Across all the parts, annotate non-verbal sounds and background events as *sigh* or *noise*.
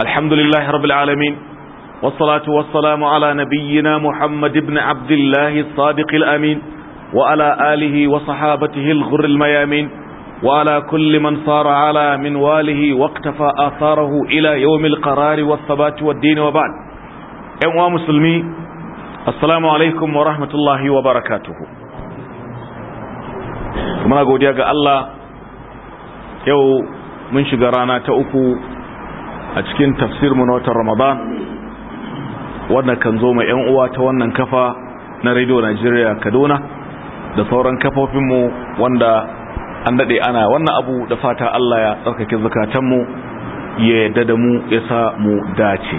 الحمد لله رب العالمين والصلاة والسلام على نبينا محمد بن عبد الله الصادق الأمين وعلى آله وصحابته الغر الميامين وعلى كل من صار على منواله واقتفى آثاره إلى يوم القرار والثبات والدين وبعد أموا مسلمي السلام عليكم ورحمة الله وبركاته ما أقول يا الله yau من شجرانا rana a cikin tafsir mu na watan ramadan wannan kan zo mai yan uwa ta wannan kafa na radio najeriya kaduna da sauran kafofinmu wanda an daɗe ana wannan abu da fata allah ya tsarkake zukatanmu ya yadda da mu ya sa mu dace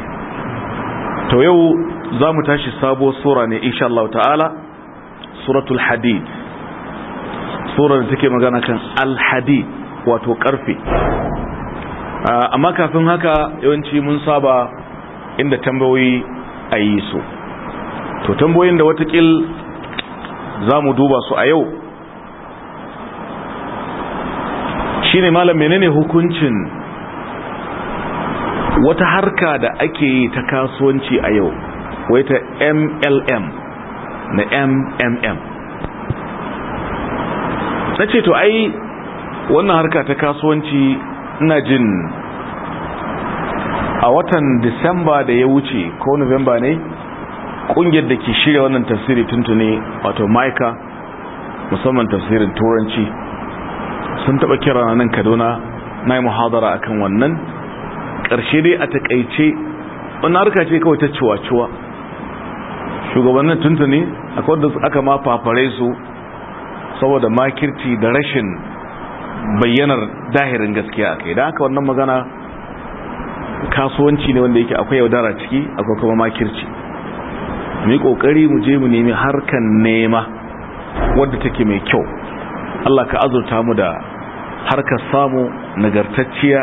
to yau za mu tashi sabo sura ne insha Allah ta'ala suratul hadid surar da take magana kan al-hadid wato karfe Ah, amma kafin haka yawanci mun saba inda tambayoyi a yi su to tambayoyin da watakil za mu duba su a yau shi ne malam menene hukuncin wata harka da ake yi ta kasuwanci a yau wai ta mlm na mmm na ce to ai wannan harka ta kasuwanci ina jin a watan disamba da ya wuce ko november ne kungiyar da ke shirya wannan tafsiri tuntuni wato maika musamman tafsirin turanci sun taba kira nan kaduna na yi muhadara akan wannan ƙarshe dai a takaice wani harka ce kawai ta cuwacuwa. ciwa shugabannin tuntuni akwai su aka ma fafare su saboda makirci da rashin bayyanar dahirin gaskiya a kai da haka wannan magana kasuwanci ne wanda yake akwai yaudara ciki akwai kuma makirci mai kokari mu je mu nemi harkan nema wadda take mai kyau Allah ka azurta mu da harkar samu nagartacciya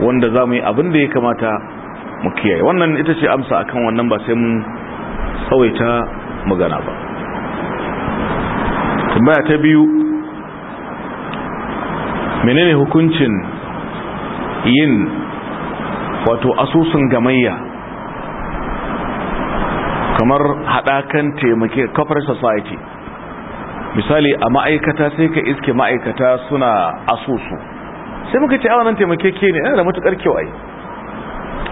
wanda za mu yi abin da ya kamata mu kiyaye wannan ita ce amsa akan wannan ba sai mun tsawaita magana ba tambaya ta biyu menene hukuncin yin wato asusun gamayya kamar haɗakan taimake corporate society misali a ma'aikata sai ka iske ma'aikata suna asusu sai muka ce awanan taimake ke ne yana da matukar kyau ai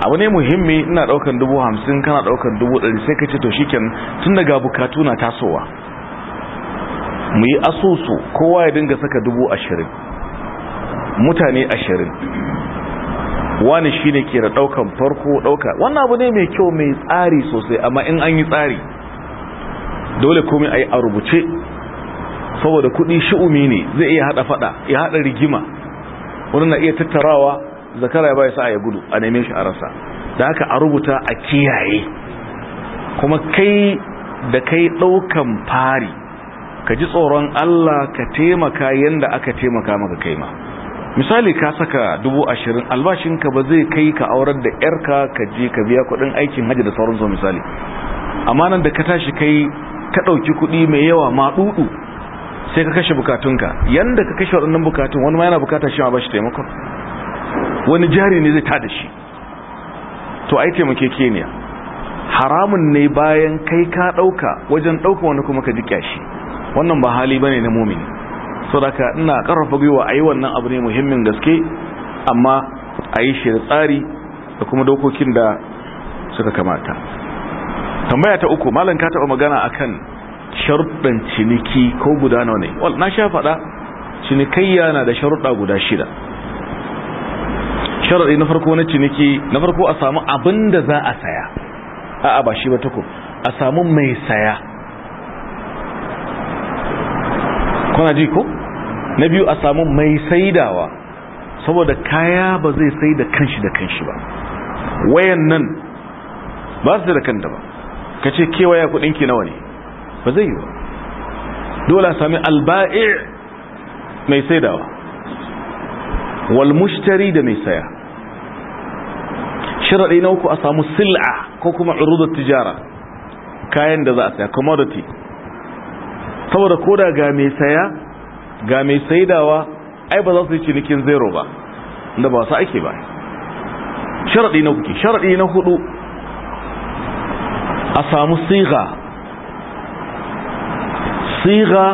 abu ne muhimmi ina daukan dubu hamsin kana daukan dubu ɗari sai ka ce to shi tun daga bukatu na tasowa mu yi asusu kowa ya dinga saka dubu ashirin mutane ashirin wani shine ke da daukan farko dauka wannan abu ne mai kyau mai tsari sosai amma in an yi tsari dole komai ayi a rubuce saboda kudi shi'umi ne zai iya hada fada ya hada rigima wannan na iya tattarawa zakara ya bai sa ya gudu a neme shi a rasa da haka a rubuta a kiyaye kuma kai da kai daukan fari ka ji tsoron Allah ka taimaka yadda aka taimaka maka kaima ma misali ka saka dubu ashirin albashinka ba zai kai ka aurar da yarka ka je ka biya kudin aikin hajji da sauransu misali amma nan da ka tashi kai ka ɗauki kuɗi mai yawa ma dudu sai ka kashe bukatunka yanda ka kashe waɗannan bukatun wani ma yana bukata shi ma ba shi taimakon wani jari ne zai tada shi to ai Kenya haramun ne bayan kai ka ɗauka wajen ɗauka wani kuma ka ji shi wannan ba hali bane na mumini saboda ina karfafa gwiwa a yi wannan abu ne muhimmin gaske amma a yi shi da tsari da kuma dokokin da suka kamata tambaya ta uku malam ka taba magana akan sharuɗan ciniki ko guda nawa ne wal na sha faɗa cinikayya na da sharuɗa guda shida sharuɗi na farko na ciniki na farko a samu abin da za a saya a'a ba shi ba tako a samu mai saya kuna ji ko na biyu a samu mai saidawa saboda kaya ba zai sai da kanshi da kanshi ba wayan nan ba su da da ba ka ce kewaya kudinki nawa ne ba zai yi ba dole a sami alba'ir mai saidawa walmushtari da mai saya shiraɗi na uku a samu sil'a ko kuma urudar tijara kayan da za a saya commodity saboda koda ga mai saya ga mai saidawa ai ba za su yi cinikin zero ba inda ba su ake ba sharaɗi na kuke sharaɗi na hudu a samu siga siga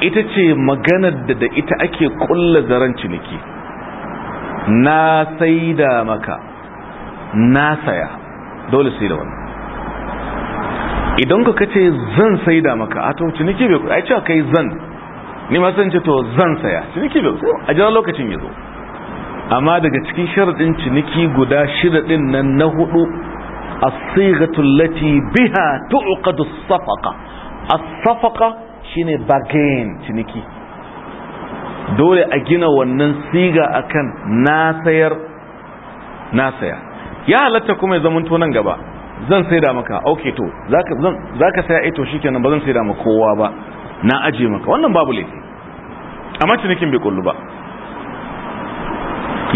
ita ce maganar da da ita ake kulla zaren ciniki na saida maka na saya dole sai da wani. idan ka kace zan saida maka a to ciniki bai ai cewa kai zan ni ma san ce to zan saya ciniki bai so a jira lokacin ya zo amma daga cikin sharadin ciniki guda shida din nan na hudu as-sighatu allati biha tu'qadu as-safaqa as-safaqa shine bargain ciniki dole a gina wannan siga akan na sayar na saya ya halatta kuma ya zamanto nan gaba zan da maka ok to zaka zaka saya ito eh shi kenan ba zan da maka kowa ba na aje maka wannan babu laifi amma cinikin bai kullu ba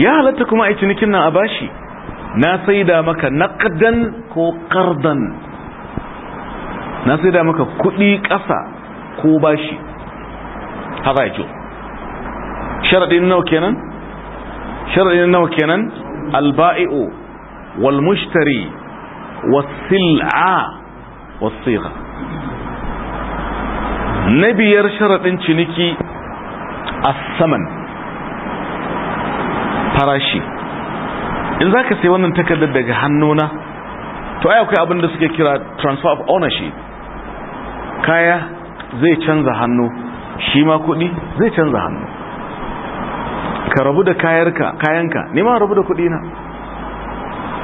ya halatta kuma ai cinikin nan a bashi na saida maka naqdan ko qardan na saida maka kudi ƙasa ko bashi haka yake sharadin nawa kenan sharadin nawa kenan alba'i'u wal mushtari was sil'a was sigha na biyar sharaɗin ciniki a saman farashi in za ka sai wannan takardar daga hannuna to ai akwai abin da suke kira transfer of ownership kaya zai canza hannu shi ma kuɗi zai canza hannu ka rabu da kayanka neman rabu da kuɗi na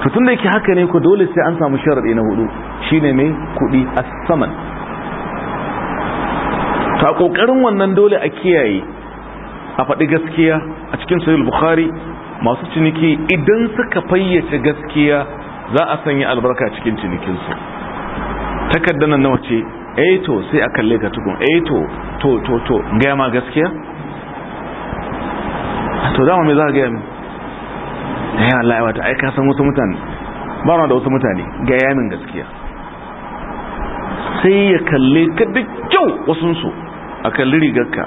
tutun da yake haka ne ku dole sai an samu sharaɗi na hudu shine mai kuɗi a saman ta kokarin wannan dole a kiyaye a faɗi gaskiya a cikin sahih bukhari masu ciniki idan suka fayyace gaskiya za a sanya albarka cikin cinikinsu takaddanan nawa ce eh to sai a kalle ka tukun eh to to to to gaya ma gaskiya to dama me za ka gaya min eh wallahi wata ai ka san wasu mutane ba na da wasu mutane gaya min gaskiya sai ya kalle ka da kyau wasunsu a kalli rigarka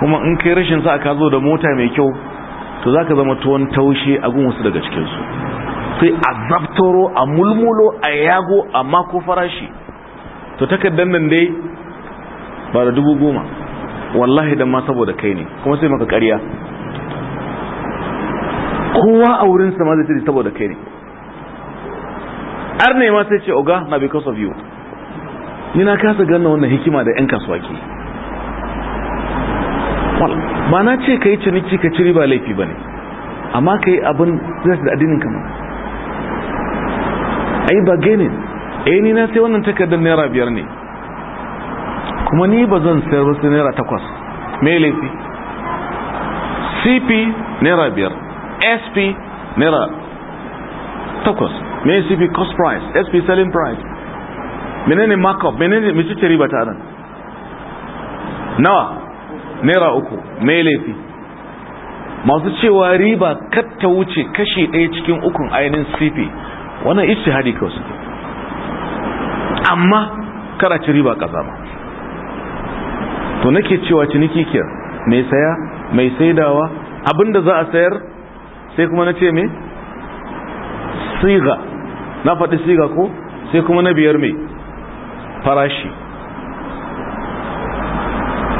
kuma in kai rashin sa ka zo da mota mai kyau to za ka zama tuwon taushe a gun wasu daga cikinsu sai a zaftoro a mulmulo a yago a mako farashi to takardar nan dai ba da dubu goma wallahi don ma saboda kai ne kuma sai maka karya kowa a wurinsa ma zai ce saboda kai ne ar ma sai ce oga na because of you ni na kasa gane wannan hikima da yan kasuwa ke ba na ce ka yi ciniki ka ciri ba laifi ba ne amma ka yi abin zai da adinin kama ai ba gani eh ni na sai wannan takardar naira biyar ne kuma ni ba zan sayar wasu naira takwas mai laifi cp naira biyar sp naira takwas mai cp cost price sp selling price menene markup menene mecece riba ta nan nawa naira uku mai laifi masu cewa riba ta wuce kashi ɗaya cikin ukun ainihin cp wannan ishi hadi kawai suke amma karaci riba ƙasa ba to nake cewa ciniki kiyar mai saya mai saidawa abinda za a sayar sai kuma na ce me siga na faɗi siga ko sai kuma na biyar mai farashi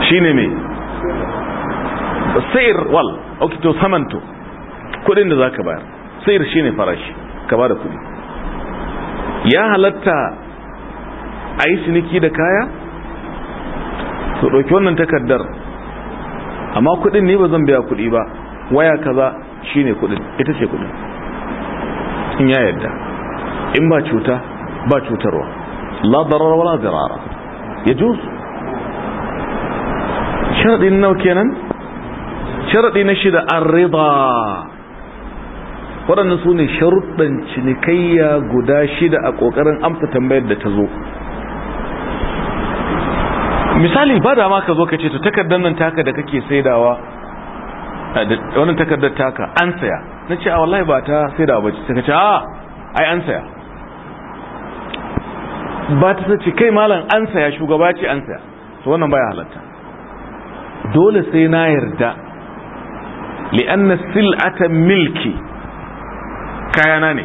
shine mai sayar wal ok to samanto kudin da ka bayar sayar shine farashi ka ba da kudi ya halatta a yi ciniki da kaya to ɗauki wannan takardar amma kudin ne ba zan biya kudi ba waya kaza shine kudin ita ce kudin in ya yadda in ba cuta ba cutarwa لا ضرر ولا ضرار يجوز شرط انه كان شرط نشد الرضا waɗannan su ne sharuɗan cinikayya guda shida a ƙoƙarin amsa tambayar da ta zo misali ba da ma ka zo ka ce to takardar nan taka da kake saidawa wannan takardar taka an saya na ce a wallahi ba ta saida ba ce ka ce a ai an saya ba ta sace kai malam an saya shugaba ce an saya to wannan baya halatta dole sai na yarda li'anna sil'ata milki kayana ne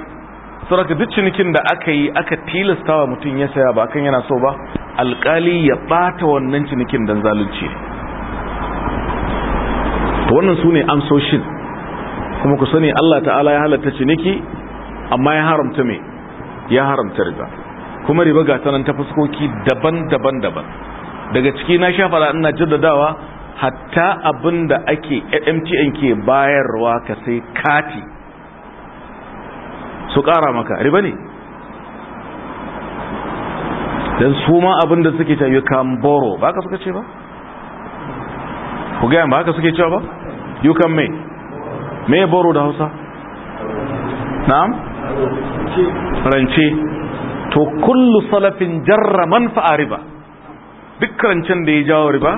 saboda duk cinikin da aka yi aka tilasta wa mutum ya saya ba kan yana so ba alkali ya bata wannan cinikin dan zalunci to wannan sune amsoshin kuma ku sani Allah ta'ala ya halatta ciniki amma ya haramta me ya haramta riba kuma riba ga tanan ta fuskoki daban-daban daban daga ciki na sha fara ina jaddadawa hatta abin da ake MTN ke bayarwa ka sai kati su kara maka riba ne don su ma abin da suke ta you can borrow ba ka suka ce ba? ku gaya ba ka suke cewa ba? you can Me me borrow da hausa? na'am? rance to kullu salafin jarra manfa'a riba duk rancen da ya jawo riba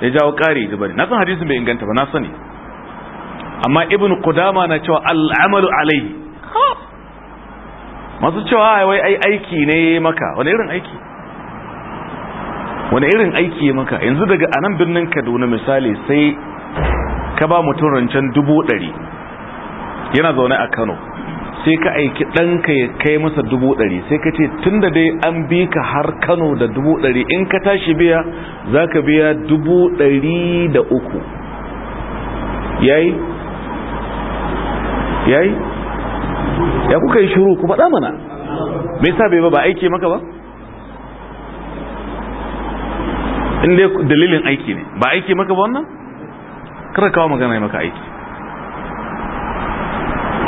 ya jawo kari da bari. na san hadisin bai inganta ba na sani amma ibn qudama na cewa al'amalu alaihi masu cewa wai ai aiki ne maka wani irin aiki wani irin aiki maka yanzu daga anan birnin kaduna misali sai ka ba mutum rancen dubu ɗari yana zaune a kano sai ka aiki ɗanka ya kai masa dubu ɗari sai ka ce tun da dai an bi ka har kano da dubu ɗari in ka tashi biya za ka biya dubu ɗari da uku yayi yayi ya kuka yi shuru ku faɗa mana mai sa bai ba ba aiki maka ba inda dalilin aiki ne ba aiki maka ba wannan kada kawo magana maka aiki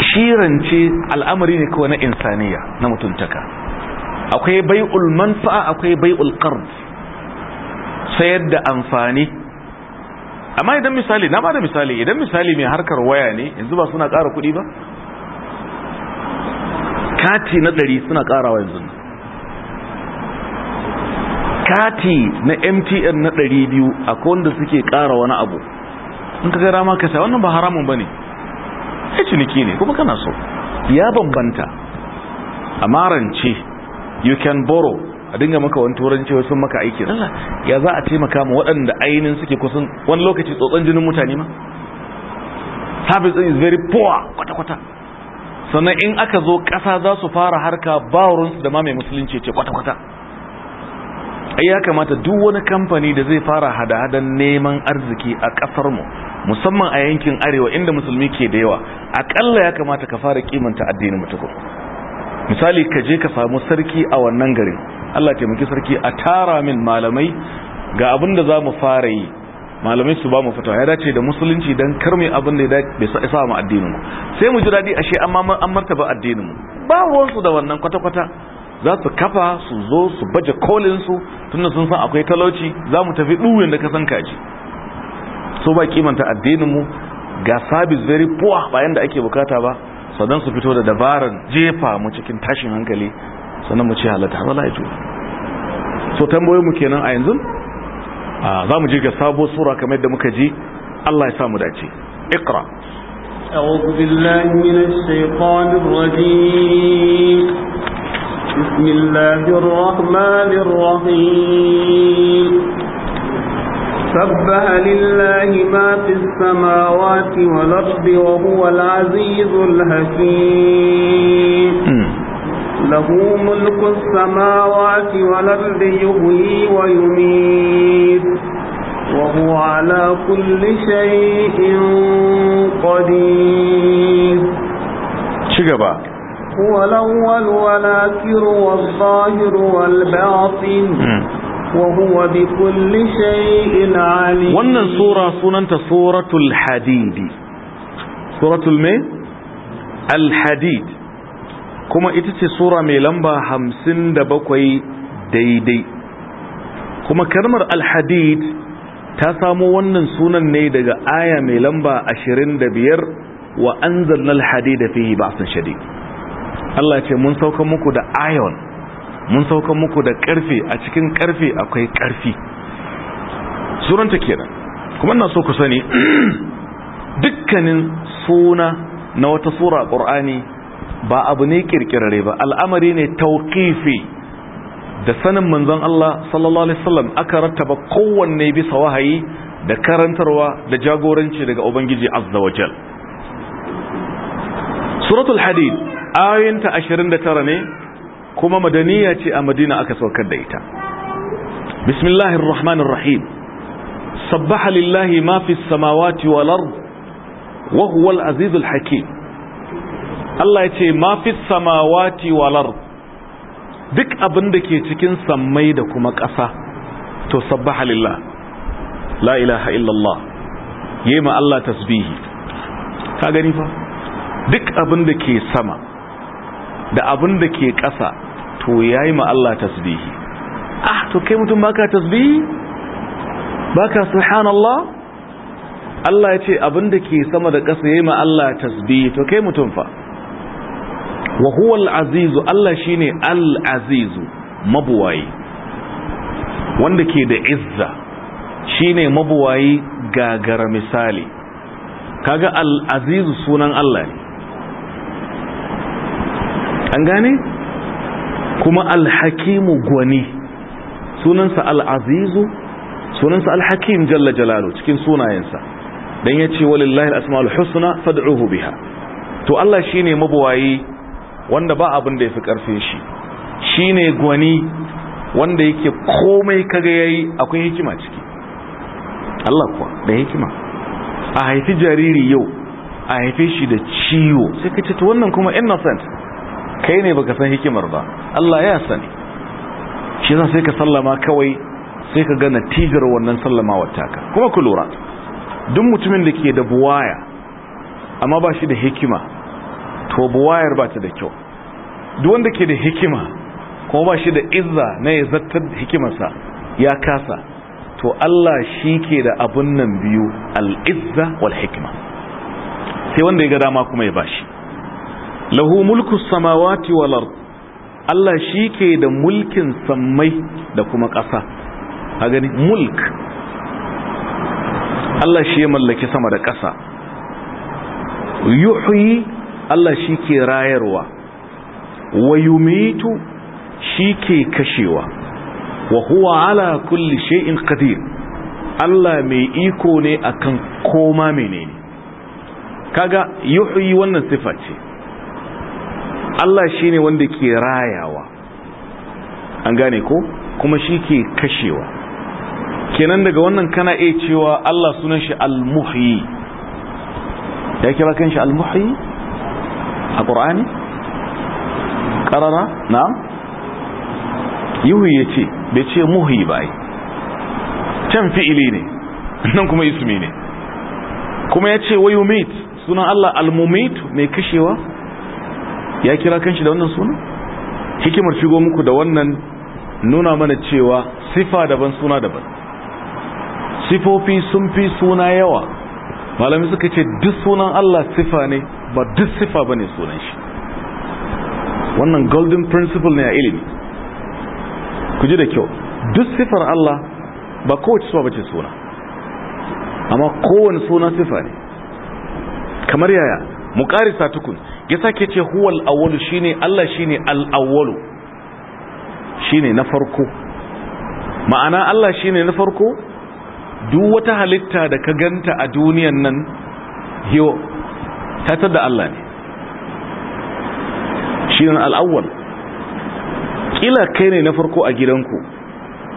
shirance al'amari ne kawai na insaniya na mutuntaka akwai bai'ul manfa'a akwai bai'ul qard sayar da amfani amma idan misali na bada misali idan misali mai harkar waya ne yanzu ba suna ƙara kuɗi ba kati na ɗari suna ƙarawa yanzu kati na mtn na ɗari biyu akwai wanda suke ƙara wani abu in ka gara ma ka sa wannan ba haramun ba ne ciniki ne kuma kana so ya bambanta A marance you can borrow a dinga maka wani turanci wasu maka aiki Allah ya za a taimaka ma waɗanda ainihin suke kusan wani lokaci tsotson jinin mutane ma habis is very poor kwata-kwata sannan in aka zo ƙasa za su fara harka ba da ma mai musulunci ce kwata-kwata ai ya kamata duk wani kamfani da zai fara hada-hadan neman arziki a kasar mu musamman a yankin arewa inda musulmi ke da yawa akalla ya kamata ka fara kimanta addinin mutuku misali ka je ka samu sarki a wannan garin Allah taimaki sarki a tara min malamai ga abin da za mu fara yi malamai su ba mu fatawa ya dace da musulunci don karme abin da ya isa mu addinin mu sai mu ji daɗi ashe an martaba addinin mu ba wansu da wannan kwata-kwata za su kafa su zo su baje kolinsu su tunda sun san akwai talauci za mu tafi ɗuwin da ka san kaji so ba kimanta addinin mu ga sabis very poor bayan da ake bukata ba sannan su fito da dabaran jefa mu cikin tashin hankali sannan mu ci halatta wala ya so tambayoyin mu kenan a yanzu za mu je ga sabo sura kamar yadda muka ji Allah ya samu dace iqra أعوذ بالله من الشيطان الرجيم بسم الله الرحمن الرحيم سبح لله ما في السماوات والأرض وهو العزيز الحكيم له ملك السماوات والأرض يحيي ويميت وهو على كل شيء قدير شكرا هو الأول والآخر والظاهر والباطن وهو بكل شيء عليم وانا سورة سننت سورة الحديد سورة المي الحديد كما اتتي سورة ميلمبا همسن دبقوي ديدي كما كلمة الحديد ta samo wannan sunan ne daga aya mai lamba 25 wa anzalna alhadida fihi ba'san shadid Allah ce mun sauka muku da iron mun sauka muku da karfe a cikin karfe akwai karfi suranta kenan kuma ina so ku sani *clears throat* dukkanin suna na wata sura qur'ani ba abu ne kirkirare ba al'amari ne tawqifi da sanin manzon Allah sallallahu alaihi wasallam aka rattaba kowanne bisa wahayi da karantarwa da jagoranci daga ubangiji azza wajal suratul hadid ayoyinta 29 ne kuma madaniya ce a madina aka saukar da ita bismillahir rahmanir rahim sabbaha lillahi ma fis samawati wal ard wa huwal azizul hakim Allah ya ce ma fis samawati wal ard duk abin da ke cikin sammai da kuma ƙasa to sabbaha lillah la ilaha illallah yema Allah tasbihi ka gani fa duk abin da ke sama da abin da ke ƙasa to yayi ma Allah tasbihi ah to kai mutum baka tasbihi baka subhanallah Allah ya ce abin da ke sama da ƙasa yayi ma Allah tasbihi to kai mutum fa wa huwa Allah shi ne Al'azizu mabuwayi wanda ke da izza ne mabuwayi gagara misali kaga alazizu sunan Allah ne an gane kuma alhakimu gwani sunansa al'azizu sunansa alhakim jalla jalalu cikin sunayensa don ya ce walillahi al'asma'ul husna fad'uhu biha to Allah shine mabuwayi wanda ba abin da ya fi karfe shi shine gwani wanda yake komai kaga ya yayi akwai hikima ciki Allah kuwa da hikima a haifi jariri yau a haife shi da ciwo sai ka ce to wannan kuma innocent kai ne baka san hikimar ba Allah ya sani shi yasa sai ka sallama kawai sai ka ga natijar wannan sallamawar taka kuma ku lura duk mutumin da ke da buwaya amma ba shi da hikima to buwayar ba ta da kyau duk wanda ke da hikima kuma ba shi da izza na ya zartar hikimarsa ya kasa to Allah shi ke da abun nan biyu al'izza wal hikima sai wanda ya ga dama kuma ya bashi lahu mulku samawati wal ard Allah ke da mulkin sammai da kuma ƙasa ka gani mulk Allah shi ya mallaki sama da ƙasa yuhyi Allah shi ke rayarwa wa yumitu shi ke kashewa wa huwa ala kulli shay'in qadir Allah mai iko ne akan koma menene kaga yuhyi wannan sifa ce Allah shi ne wanda ke rayawa an gane ko kuma shi ke kashewa kenan daga wannan kana iya cewa Allah sunan shi al muhi ya kira kan shi al muhi a ƙorani? ƙarara na Yuhu ya ce bai ce muhi ba yi can fi'ili ne *laughs* nan kuma ismi ne kuma ya ce wayo mate sunan Allah al-mumit mai kashewa ya kira kanshi da wannan suna hikimar shigo muku da wannan nuna mana cewa sifa daban suna daban sifofi sun fi suna yawa malami suka ce duk sunan Allah sifa ne ba duk sifa bane sunan shi wannan golden principle ne a ilimi ku ji da kyau duk sifar Allah ba kowace sifa bace suna amma kowane suna sifa ne kamar yaya mu karisa tukun ya sake ce huwal awwalu shine Allah shine al-awwalu shine na farko ma'ana Allah shine na farko duk wata halitta da ka ganta a duniyan nan yo ta da Allah ne shine al-awwal kila kai ne na farko a gidanku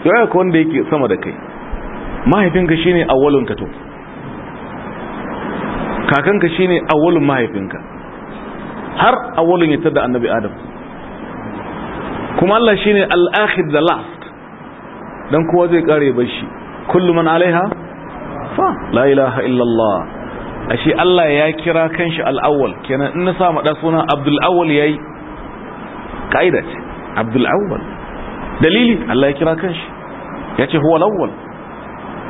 yau ko wanda yake sama da kai mahaifinka shine awwalun ka to kakanka shine awwalun mahaifinka har awalin ya tada annabi adam kuma Allah shine al-akhir da last dan kowa zai kare bashi kullu man alaiha fa la ilaha illallah. Allah ashe Allah ya kira kanshi al kenan in na sa maɗa suna Abdul Awwal yayi kaida ce Abdul Awwal dalili Allah ya kira kanshi yace huwa al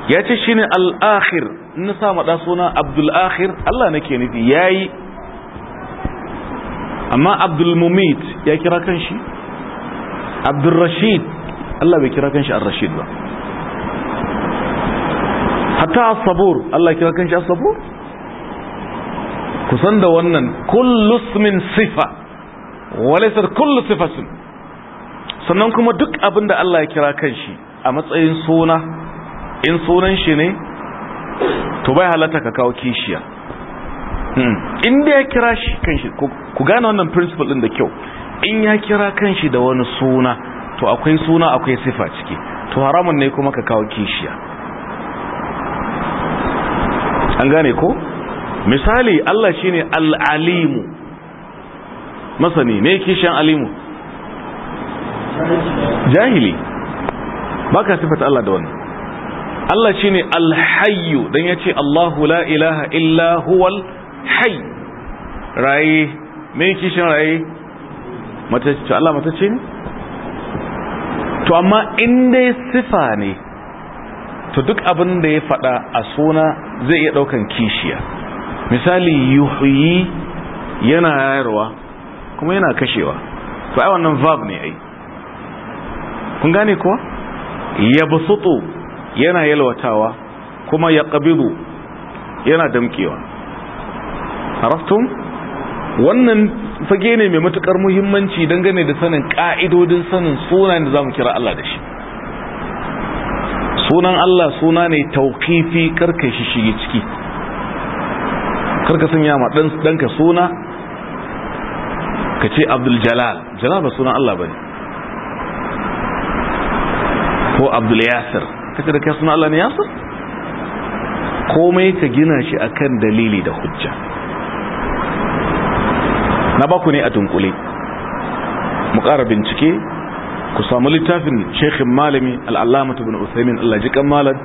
Ya ce shine al-akhir in na sa maɗa suna Abdul Akhir Allah nake nufi yi. amma abdul mumit ya kira shi? abdul rashid Allah bai kira shi ar-rashid ba hatta as-sabur Allah kira shi as-sabur kusan da wannan kullu ismin sifa walaysa kullu sifatun sannan kuma duk abinda Allah ya kira kan shi a matsayin suna in sunan shi ne to bai halatta ka kawo kishiya Hmm. in da ya kira shi kanshi ku gane wannan principle din da kyau in ya kira kanshi da wani suna to akwai suna akwai sifa ciki to haramun ne kuma ka kawo kishiya an gane ko misali Allah shine al alim masani ne kishiyan alimu jahili baka sifata Allah da wannan Allah shine al hayy dan yace Allahu la ilaha illa huwal hai raye mai kishin raye matacce to Allah matacce ne to amma in dai sifa ne to duk abin da ya faɗa a suna zai iya ɗaukan kishiya misali yuhyi yana yayarwa kuma yana kashewa to ai wannan verb ne ai kun gane Ya yabsutu yana yalwatawa kuma yaqbidu yana damkewa haraftun wannan fage ne mai matukar muhimmanci dangane da sanin ka'idodin sanin suna da za mu kira Allah da shi sunan Allah suna ne tauƙifi karka shi shige ciki karka sanya ma ɗanka suna ka ce abdul jalal jalal ba sunan Allah bane ko abdul yasir kace da kai sunan Allah ne yasir komai ka gina shi akan dalili da hujja na baku ne a dunkule mu ƙara bincike ku samu littafin shekhin malami al'allama ta bin usaimin allajikan malar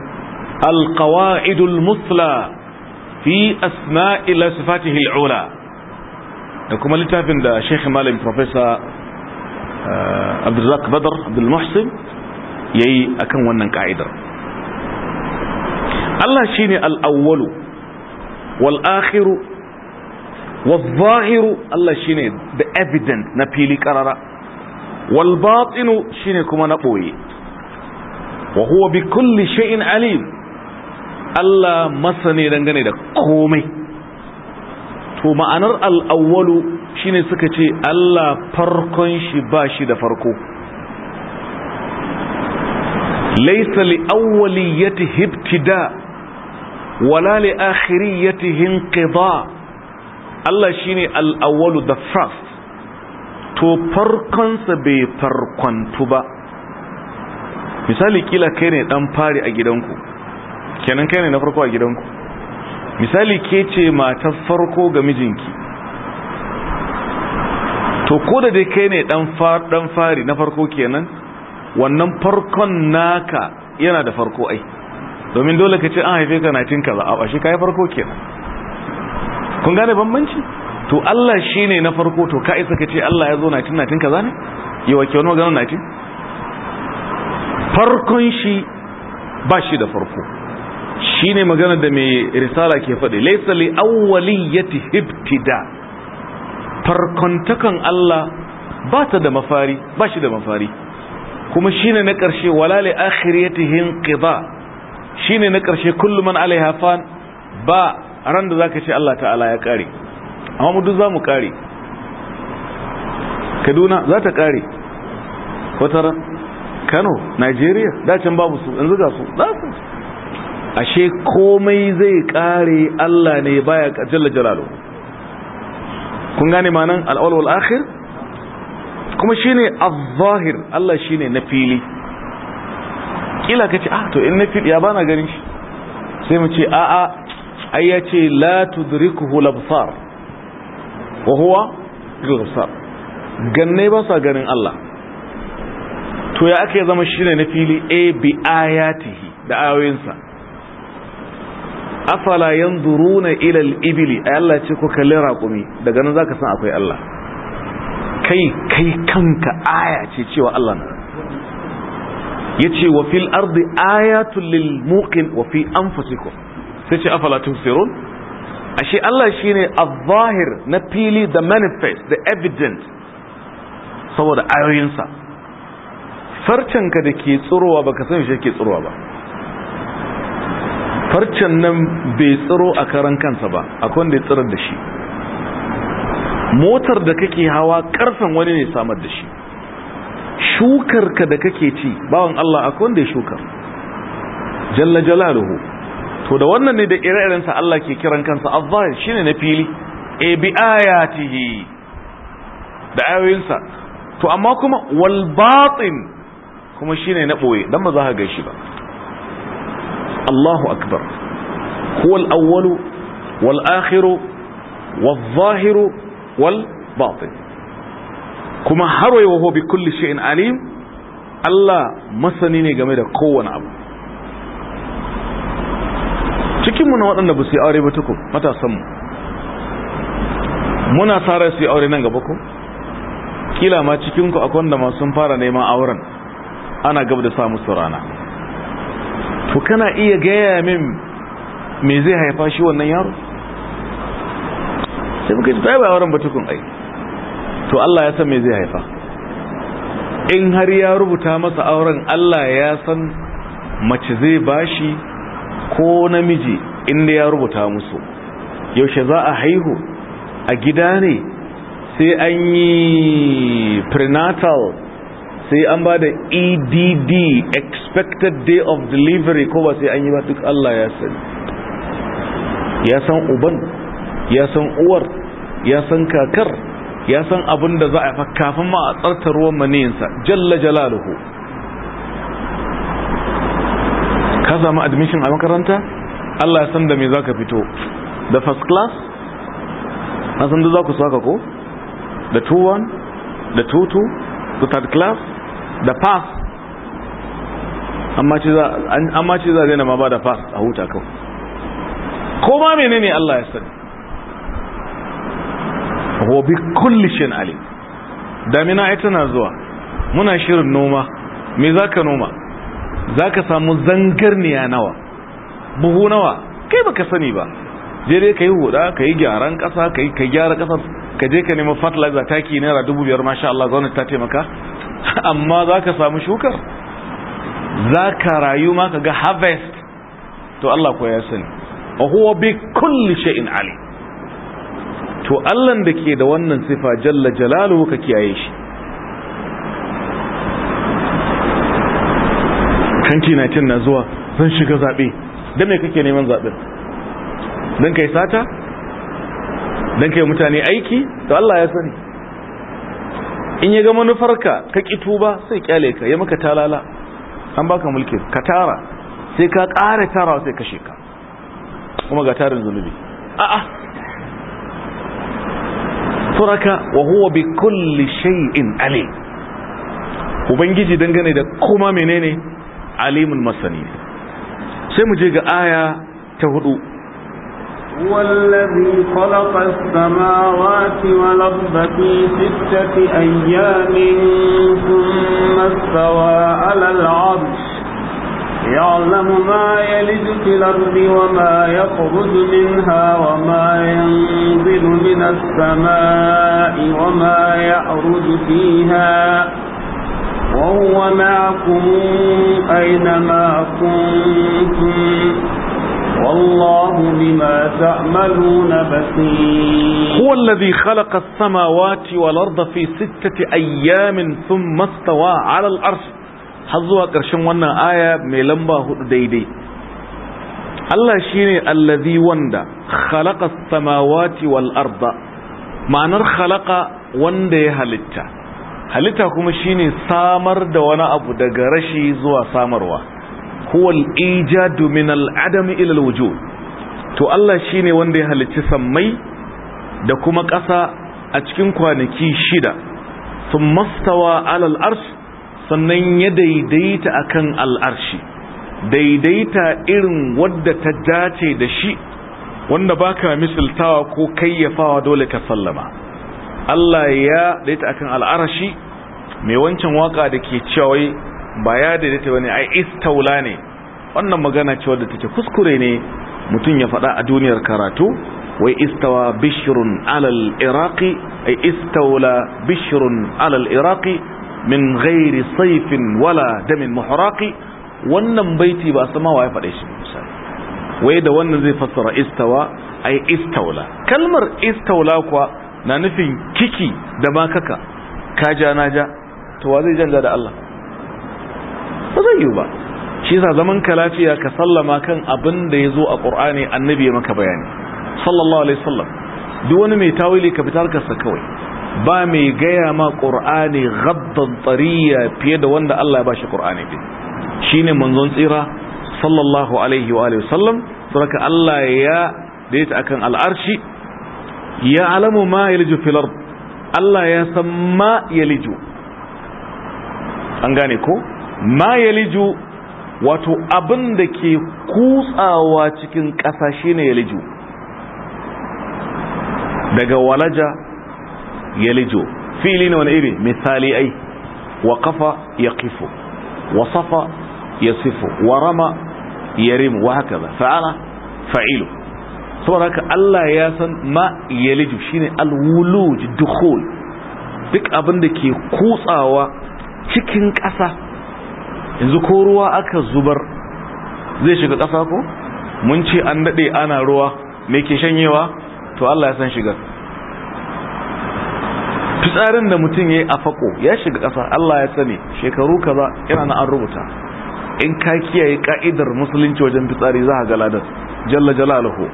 alkawa'idul musla fi asma'i lasifati hil'ula da kuma littafin da shekhin malami profesa eh, abdulzak badar abdulmuhsin ya yi a kan wannan ƙa'idar Allah shi ne al'awwalu wal'akhiru والظاهر الله شيني the evident na fili karara wal batinu kuma na boye wa huwa bi kulli shay'in alim Allah masani dangane da komai to ma'anar al-awwalu shine suka ce Allah farkon shi ba shi da farko laysa li awwaliyatihi ibtida wala li akhiriyatihi inqida' Allah shi ne al'awalu the first to farkonsa bai farkwantu ba misali kila kai ne dan fari a gidanku kenan kai ne na farko a gidanku misali ke ce mata farko ga mijinki to ko da dai kai ne dan fari na farko kenan wannan farkon naka yana da farko ai domin dole ka ce an haife ka na cinka za a shi yi farko kenan kun gane bambanci to Allah shine na farko to ka isa ka ce Allah ya zo 1919 kaza ne yawa ke wani maganar 19 farkon shi ba shi da farko Shi ne maganar da mai risala ke faɗi laysa li ti ibtida farkon takan Allah ba ta da mafari ba shi da mafari kuma shine na ƙarshe wala li akhiriyatihi shi shine na ƙarshe kullum an alaiha fan ba a ran da za ka ce Allah ta'ala ya kare. amma mu duk za mu ƙare kaduna za ta ƙare wataran kano nigeria dacin babu su yanzu ga su za su ashe komai zai ƙare Allah ne baya jalla jalalu kun gane manan al'awal akhir kuma shine a zahir Allah shine na fili ka ce ah to in na fili ya bana ganin shi sai mu ce a ai yace ce la tudrikuhu labsar wa huwa labsar ganne ba sa ganin Allah to ya aka zama shine na fili a bi ayatihi da ayoyinsa afala yanzuruna ila al-ibli ay Allah ce ko kalli raƙumi daga nan zaka san akwai Allah kai kai kanka aya ce cewa Allah ne yace wa fil ardi ayatul lil muqin wa fi anfusikum sai ce afala tusirun ashe Allah shine az-zahir na fili the manifest the evident saboda ayoyinsa farcenka da ke tsirowa baka san shi ke tsirowa ba farcen nan bai tsiro a karan kansa ba akwai wanda ya tsirar da shi motar da kake hawa karsan wani ne samar da shi shukarka da kake ci bawan Allah akwai wanda ya shukar jalla jalaluhu to da wannan ne da ire-irensa Allah ke kiran kansa az shine na fili e bi ayatihi da ayoyinsa to amma kuma wal batin kuma shine na boye dan ba za ka gaishe ba Allahu akbar huwa awwalu wal akhiru wal zahiru wal batin kuma har wa huwa bi kulli shay'in alim Allah masani ne game da kowane abu cikinmu na waɗanda ba su yi aure ba tukun matasanmu muna tsara su yi aure nan gaba ko kila ma cikinku akwai wanda masu sun fara neman auren ana gab da samu su rana to kana iya gaya min me zai haifa shi wannan yaro sai muka yi tsaye ba auren ba tukun ai to Allah ya san me zai haifa in har ya rubuta masa auren Allah ya san mace zai bashi ko namiji inda ya rubuta musu yaushe za a haihu a gida ne sai an yi prenatal sai an ba da edd expected day of delivery ko ba sai an yi ba duk Allah ya sani ya san uban ya san uwar ya san kakar ya san abin da za a fa kafin ma a tsarta ruwan maniyinsa jalla jalaluhu ka zama admission a makaranta Allah ya san da me za ka fito da first class Na san da za ku saka ko da 2-1 da 2-2 da third class da pass amma ce za a na ma ba da pass a huta kawai ko ma menene Allah ya sani wa bi kulli shin alim damina ita na zuwa muna shirin noma me zaka noma zaka samu zangarniya nawa buhu nawa kai baka sani ba je dai kai huda kai gyaran kasa kai kai gyara kasar ka je ka nemi fertilizer taki naira dubu biyar masha Allah zaune ta taimaka *laughs* amma za ka samu shukar za ka rayu ma ka ga harvest to Allah ko ya sani huwa bi kulli shay'in ali to Allah da ke da wannan sifa jalla jalaluhu ka kiyaye shi kanki na cin na zuwa zan shiga zabe don mai kake neman zaɓen don kai sata don kai mutane aiki to Allah ya sani in ya ga manufarka ka ƙitu ba, sai kyale ka ya maka talala an baka mulkin ka tara sai ka ƙara tara sai ka sheka. kuma ga tarin zunubi a'a turaka wa huwa bi kulli shay'in alim ubangiji dangane da kuma menene alimun masani sai mu je ga aya ta hudu هو الذي خلق السماوات والأرض في ستة أيام ثم استوى على العرش يعلم ما يلج في الأرض وما يخرج منها وما ينزل من السماء وما يعرج فيها وهو معكم أينما كنتم والله بما تعملون بصير هو الذي خلق السماوات والأرض في ستة أيام ثم استوى على الأرض حظوا قرشن وانا آية ميلمبا ديدي الله شيني الذي وندا خلق السماوات والأرض معنى خلق ma'anar khalaqa halitta kuma shine samar da wani abu daga rashi zuwa samarwa huwal ijadu min al adam ila al-wujud to Allah shine wanda ya halicci sammai da kuma ƙasa a cikin kwanaki shida sun mastawa alal arsh sannan ya daidaita akan al'arshi daidaita irin wadda ta dace da shi wanda baka misaltawa ko kayyafawa dole ka sallama Allah ya daita akan al'arashi mai wancan waka da ke cewa ba ya daidaita bane ai istaula ne wannan magana ce wadda take kuskure ne mutum ya faɗa a duniyar karatu wai istawa bishrun alal iraqi ai istaula bishrun alal iraqi min ghairi sayfin wala damin muhraqi wannan baiti ba sama wa ya faɗe shi wai da wannan zai fassara istawa ai istaula kalmar istaula kuwa na nufin kiki da makaka ka ja na ja to wa zai janja da Allah ba zai yi ba shi yasa zaman ka lafiya ka sallama kan abin da ya zo a ƙur'ani annabi ya maka bayani sallallahu alaihi sallam duk wani mai tawili ka fitar ka kawai ba mai gaya ma ƙur'ani gaddan tsariya fiye da wanda Allah ya ba shi ƙur'ani shine manzon tsira sallallahu alaihi wa sallam saboda Allah ya daita akan al'arshi ya alamu ma yaliju fil ard Allah ya san ma yaliju an gane ko ma yaliju wato abin da ke kutsawa cikin ƙasa shine yaliju daga walaja yaliju fili ne wani iri misali ai wa kafa ya kifo wa safa ya sifo wa rama ya rimu wa haka fa'ala fa'ilu saboda haka Allah ya san ma yaliju shine alwuluj dukhul duk abin da ke kutsawa cikin ƙasa yanzu ko ruwa aka zubar zai shiga ƙasa ko mun ce an dade ana ruwa me ke shanyewa to Allah ya san shiga fitsarin da mutum yayi a fako ya shiga ƙasa Allah ya sani shekaru kaza ina na an rubuta in ka kiyaye ka'idar musulunci wajen fitsari za ka ga ladan jalla jalaluhu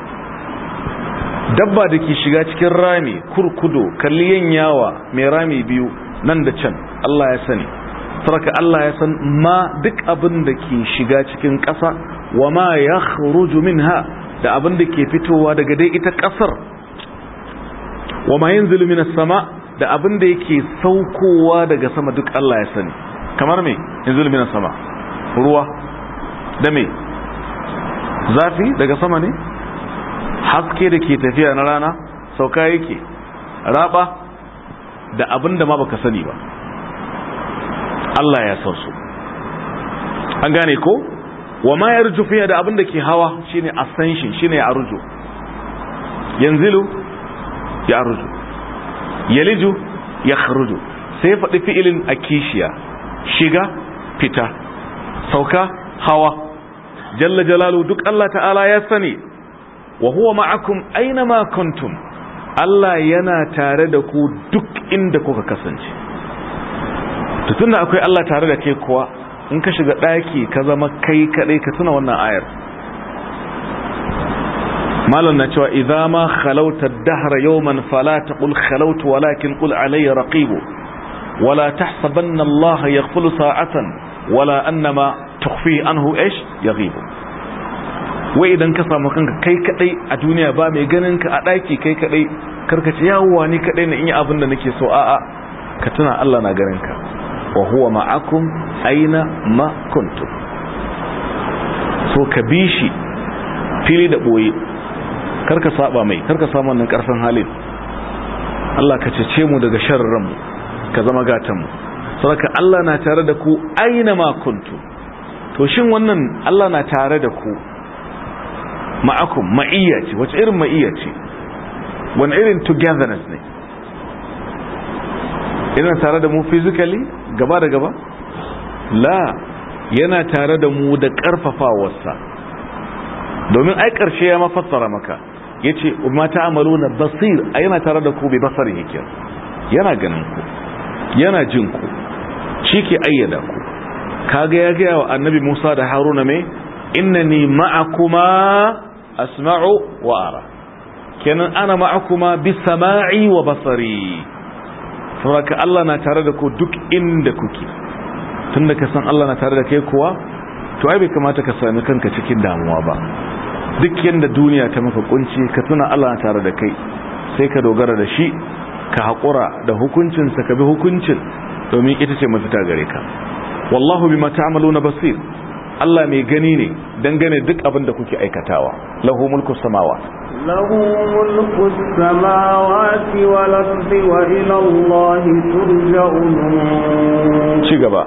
dabba da ke shiga cikin rami kurkudo kalliyan yawa mai rami biyu nan da can Allah ya sani saraka Allah ya san ma duk abin da ke shiga cikin ƙasa wa ma ya minha da abin da ke fitowa daga dai ita ƙasar wa ma yanzilu zulmin sama da abin da yake saukowa daga sama duk Allah ya sani kamar me yanzilu zulmin sama ruwa da me zafi daga sama ne haske da ke tafiya na rana sauka yake raba da abin da ma baka sani ba Allah ya san su an gane ko wa ma yarju fiya da abin da ke hawa shine ascension shine ya arju yanzilu ya arju yaliju ya kharuju sai faɗi fi'ilin a kishiya shiga fita sauka hawa jalla jalalu duk Allah ta'ala ya sani wa huwa ma'akum aina ma kuntum Allah yana tare da ku duk inda kuka kasance tunda akwai Allah tare da ke kuwa in ka shiga daki ka zama kai kadai ka tuna wannan ayar malam na cewa idza ma khalauta ad-dahra yawman fala taqul khalawtu walakin qul alayya raqibu ولا تحسبن الله يغفل ساعة ولا أنما تخفيه أنه إيش يغيبه wai idan ka samu kanka kai kadai a duniya ba mai ganin ka a daki kai kadai karkace yawwa ni kadai na in yi abin da nake so a'a ka tuna Allah na ganin ka wa huwa ma'akum aina ma kuntum so ka bi shi fili da boye karka saba mai karka samu wannan karfin halin Allah ka cece mu daga sharrin mu ka zama gatan mu saboda Allah na tare da ku aina ma kuntum to shin wannan Allah na tare da ku ma'akum ma'iyya ce wace irin ma'iyya ce wani irin togetherness ne yana tare da mu physically gaba da gaba la yana tare da mu da karfafawarsa domin ai karshe ya mafassara maka yace mata amaluna basir ai yana tare da ku bi basari yake yana ganin ku yana jin ku shi ke ayyada ku kaga ya gaya wa annabi Musa da Haruna me innani ma'akuma asma'u wa ara kenan ana kuma bi sama'i wa basari saboda Allah na tare da ku duk inda kuke tunda ka san Allah na tare da kai kuwa to ai bai kamata ka sami kanka cikin damuwa ba duk yanda duniya ta maka kunci ka tuna Allah na tare da kai sai ka dogara da shi ka hakura da hukuncinsa ka bi hukuncin domin ita ce mafita gare ka wallahu bima ta'maluna basir Allah mai gani ne dangane duk abin da kuke aikatawa lahu mulku samawa. lahu mulku samawati wal ardi wa ila Allah turja'un ci gaba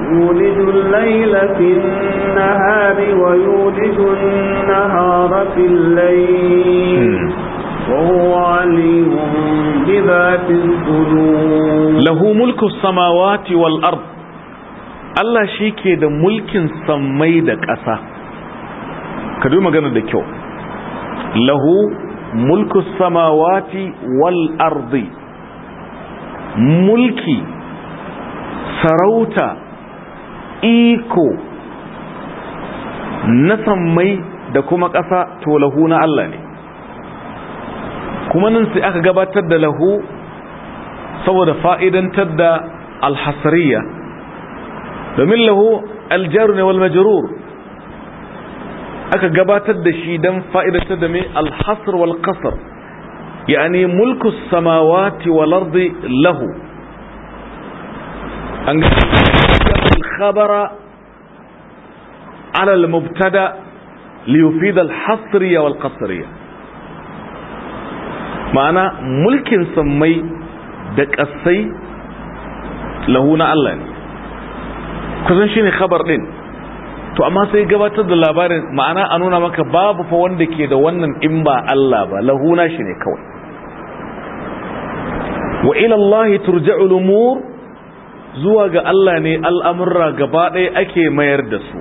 يولج الليل في النهار ويولج النهار في الليل وهو عليم بذات الصدور له ملك السماوات والأرض Allah shi ke da mulkin sammai da ƙasa ka duk magana da kyau lahu mulkus samawati wal ardi mulki sarauta iko na sammai da kuma ƙasa to lahu na Allah ne kuma nan sai aka gabatar da lahu saboda fa'idantar da alhasariya domin lahu aljaru ne wal majrur aka gabatar da shi dan fa'idatar da mai alhasr wal qasr yani mulku samawati wal ardi lahu an khabara ala al mubtada li yufid al hasriya wal qasriya ma'ana mulkin sammai da kasai lahu na Allah ne kusan shi ne khabar ɗin to amma sai gabatar da labarin ma'ana a nuna maka babu fa wanda ke da wannan in ba Allah ba lahuna shi ne kawai wa ilallahi turja'ul umur zuwa ga Allah ne al'amurra gaba ɗaya ake mayar da su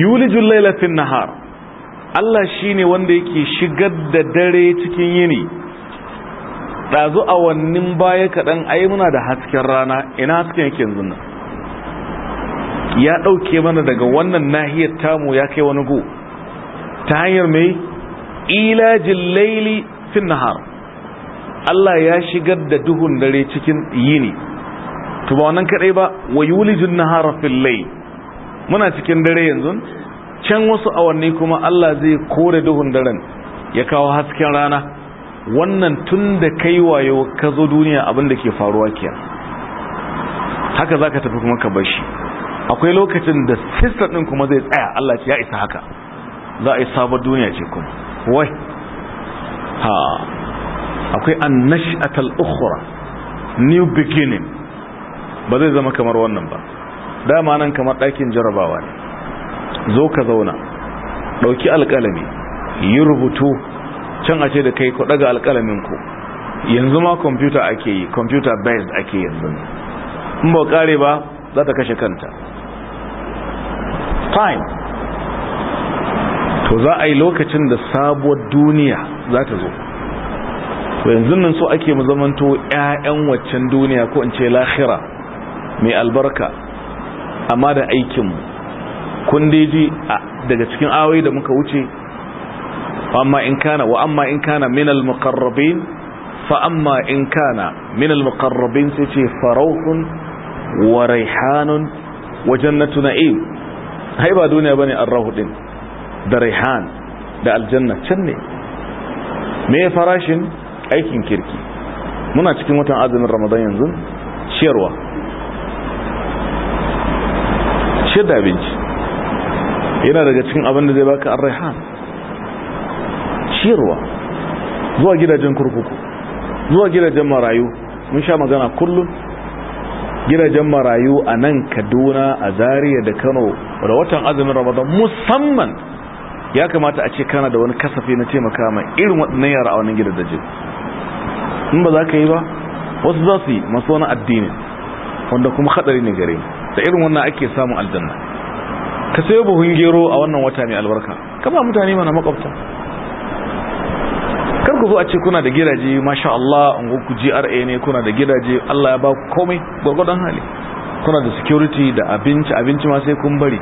yuliju laylatin nahar Allah shine wanda yake shigar da dare cikin yini ɗazu awannin baya kaɗan ai muna da hasken rana ina hasken yake yanzu nan ya ɗauke mana daga wannan nahiyar tamu ya kai wani go ta hanyar mai ilajin laili fin nahar Allah ya shigar da duhun dare cikin yini to ba wannan kadai ba wa yulijun nahara fil layl muna cikin dare yanzu can wasu awanni kuma Allah zai kore duhun daren ya kawo hasken rana wannan tun da kai wayo ka zo duniya abin da ke faruwa kiya haka za ka tafi kuma ka bashi akwai lokacin da sistar ɗin kuma zai tsaya Allah ya isa haka za a yi sabon duniya ce kuma wai ha akwai an nashatal ukhra new beginning ba zai zama kamar wannan ba dama nan kamar ɗakin jarabawa ne zo ka zauna ɗauki alƙalami yi rubutu can a ce da kai ku daga alƙalamin ku yanzu ma computer ake yi computer based ake yanzu in ba kare ba za ta kashe kanta time to za a yi lokacin da sabuwar duniya za ta zo to yanzu nan so ake mu zamanto 'ya'yan waccan duniya ko in ce lahira mai albarka amma da aikinmu kun daji daga cikin awai da muka wuce amma in kana wa amma in kana min al-muqarrabin fa amma in kana min al-muqarrabin sai ce farauhun wa raihanun wa jannatu na'im hai ba duniya bane ar-rahu din da raihan da aljanna can ne me farashin aikin kirki muna cikin watan azumin ramadan yanzu ciyarwa ciyar da abinci yana daga cikin abin da zai baka ar-raihan ciyarwa zuwa gidajen kurkuku zuwa gidajen marayu mun sha magana kullum gidajen marayu a nan kaduna a zariya da kano da watan azumin ramadan musamman ya kamata a ce kana da wani kasafi na taimaka ma irin waɗannan yara a wannan gidajen in ba za ka yi ba wasu za su yi masu wani addini wanda kuma haɗari ne gare da irin wannan ake samun aljanna ka sayo buhun gero a wannan wata mai albarka kama mutane mana makwabta kar ku zo a ce kuna da gidaje masha Allah ungo ku GRA ne kuna da gidaje Allah ya ba ku komai gwargwadon hali kuna da security da abinci abinci ma sai kun bari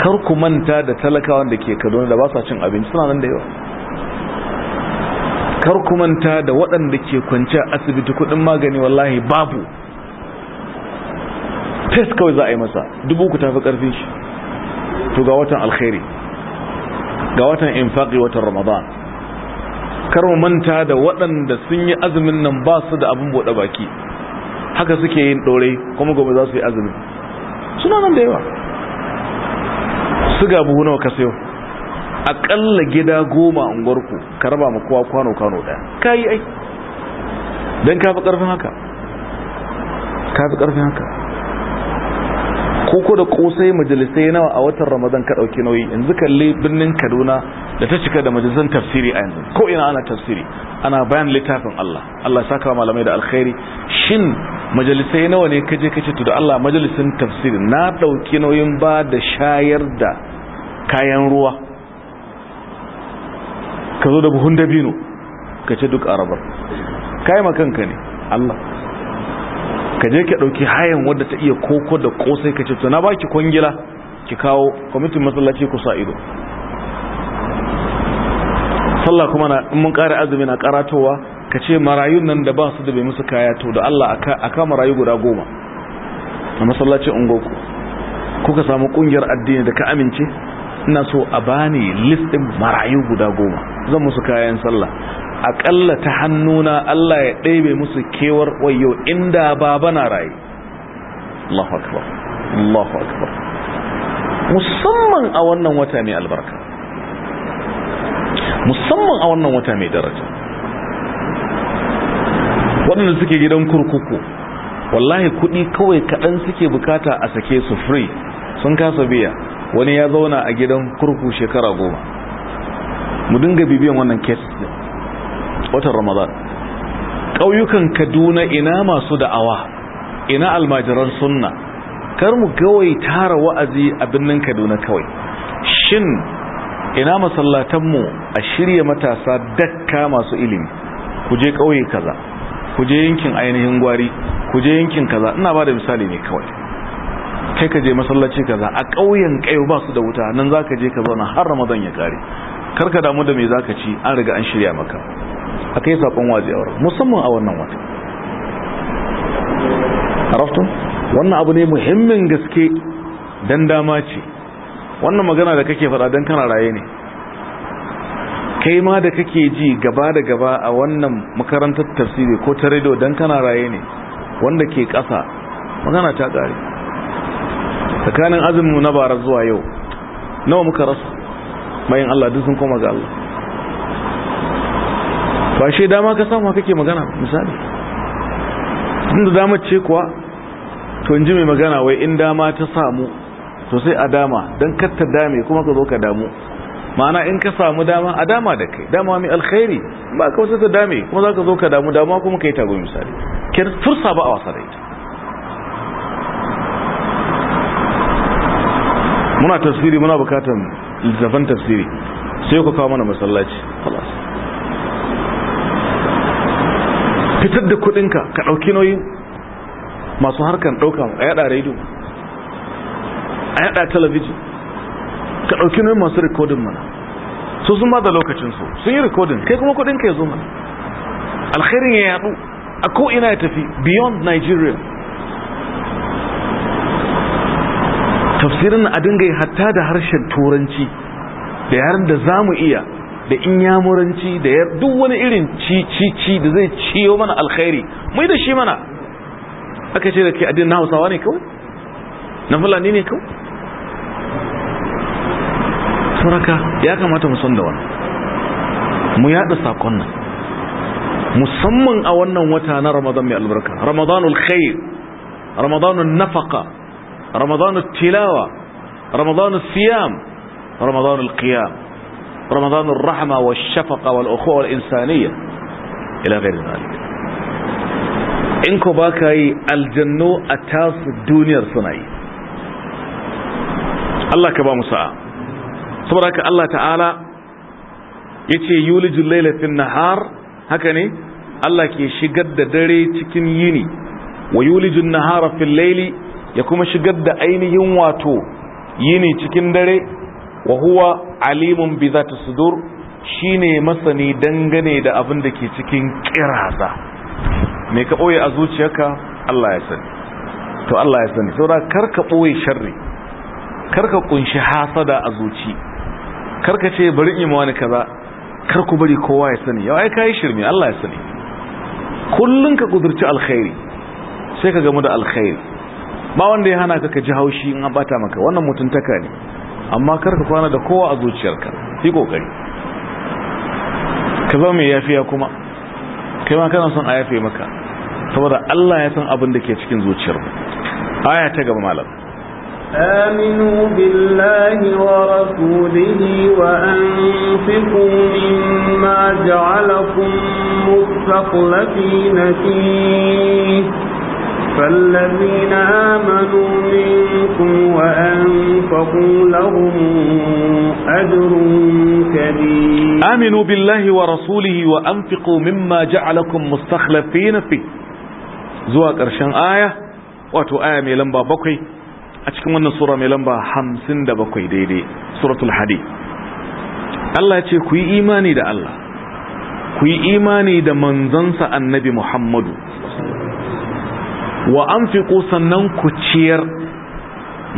kar ku manta da talakawa da ke Kaduna da ba sa cin abinci suna nan da yawa kar ku manta da waɗanda ke kwanciya asibiti kuɗin magani wallahi babu test kawai za a yi masa dubu ku tafi karfin shi to ga watan alkhairi ga watan infaqi watan ramadan kar manta da waɗanda sun yi azumin nan ba su da abin bude baki haka suke yin ɗore kuma gobe za su yi azumin suna nan da yawa suga buhu nawa ka sayo aƙalla gida goma a unguwarku ka raba ma kowa kwano kwano ɗaya ka yi ai don ka fi ƙarfin haka ka fi ƙarfin haka Koko da ƙosai majalisai nawa a watan ramadan ka ɗauki nauyi yanzu kalli birnin kaduna da ta cika da majalisar tafsiri a yanzu ko ina ana tafsiri ana bayan littafin Allah Allah ya saka malamai da alkhairi shin majalisai nawa ne kaje kace to da Allah majalisin tafsiri na dauki nauyin ba da shayar da kayan ruwa ka zo da buhun dabino ka ce duk arabar kai makanka ne Allah ka je ka dauki hayan wadda ta iya koko da kosai ka to na baki kwangila ki kawo kwamitin masallaci ku sa ido sallah kuma na mun ƙara azumi na karatowa ka ce marayun nan da ba su da bai musu kaya to da Allah a ka marayu guda goma a masallacin ungoku kuka samu ƙungiyar addini da ka amince ina so a bani list ɗin marayu guda goma zan musu kayan sallah aƙalla ta hannuna Allah ya ɗebe musu kewar wayo inda baba na raye Allahu akbar Allahu akbar musamman a wannan wata mai albarka musamman a wannan wata mai daraja waɗanda suke gidan kurkuku wallahi kuɗi kawai kaɗan suke bukata a sake su free sun kasa biya wani ya zauna a gidan kurku shekara goma mu dinga bibiyan wannan case din watan ramadan ƙauyukan kaduna ina masu da'awa ina almajiran sunna kar mu gawai tara wa'azi a birnin kaduna kawai shin ina masallatan mu a shirya matasa dakka masu ilimi ku je ƙauye kaza ku je yankin ainihin gwari ku je yankin kaza ina ba da misali ne kawai kai ka je masallaci kaza a ƙauyen ƙayo ba su da wuta nan za ka je ka zauna har ramadan ya kare kar ka damu da me za ka ci an riga an shirya maka a kai saƙon waje a musamman a wannan wata haraftun wannan abu ne muhimmin gaske dan dama ce wannan magana da kake faɗa don kana raye ne kai ma da kake ji gaba da gaba a wannan makarantar tafsiri ko ta rediyo don kana raye ne wanda ke ƙasa magana ta ƙare tsakanin azumin na bara zuwa yau nawa muka rasa bayan Allah duk sun koma ga Allah ba shi dama ka samu kake magana misali inda damar ce kuwa to in ji mai magana wai in dama ta samu to sai a dama don katta dame kuma ka zo ka damu ma'ana in ka samu dama a dama da kai dama mai alkhairi ba ka wasu ta dame kuma za ka zo ka damu dama kuma ka yi tago misali kyan fursa ba a wasa da ita muna tafsiri muna bukatan littafan tafsiri sai ku kawo mana masallaci fitar da kudinka ka ɗauki nauyin masu harkar ɗauka a yada rediyo a yada talabijin ka ɗauki ne masu rikodin mana su sun ba da lokacinsu sun yi rikodin kai kuma kudin ka ya zo mana alkhairin ya yadu a ko'ina ya tafi beyond nigeria tafsirin a dinga yi hatta da harshen turanci da yaren da za mu iya da inyamuranci da duk wani irin ci-ci-ci da zai ciyo mana alkhairi mai da shi mana aka ce da ke adin na hausawa ne kawai na fulani ne kawai sauraka ya kamata mu san da wannan mu yada sakon nan musamman a wannan wata na ramadan mai albarka ramadanul khair ramadanun nafaka ramadanul tilawa ramadanul siyam ramadanul qiyam ramadanul rahma wal shafaqa wal ukhuwa wal insaniya ila ghairi dhalik in ko baka yi aljannu a tasu duniyar suna yi Allah ka ba mu sa'a saboda haka Allah ta'ala yace yuli layla fin nahar haka ne Allah ke shigar da dare cikin yini wa yulijun nahara fil layli ya kuma shigar da ainihin wato yini cikin dare wa huwa alimun bi zati sudur shine masani dangane da abin da ke cikin kiraza me ka boye a zuciyarka Allah ya sani to Allah ya sani saboda karka boye sharri karka kunshi hasada a zuci karka ce bari in yi ma wani kaza karku bari kowa ya sani yawai ka kai shirme Allah ya sani kullum ka kudurci alkhairi sai ka gamu da alkhairi ba wanda ya hana ka ka ji haushi in bata maka wannan mutuntaka ne amma karka kwana da kowa a zuciyarka yi kokari ka zama mai yafiya kuma kai ma kana son a yafe maka saboda Allah ya san abin da ke cikin zuciyar mu aya ta gaba malam آمنوا بالله ورسوله وأنفقوا مما جعلكم مستخلفين فيه فالذين آمنوا منكم وأنفقوا لهم أجر كبير آمنوا بالله ورسوله وأنفقوا مما جعلكم مستخلفين فيه زواج أرشان آية وتو آية ميلمبا بقي a cikin wannan sura mai lamba hamsin da daidai suratul hadi Allah ce ku yi imani da Allah ku yi imani da manzansa annabi Muhammadu wa an sannan ku ciyar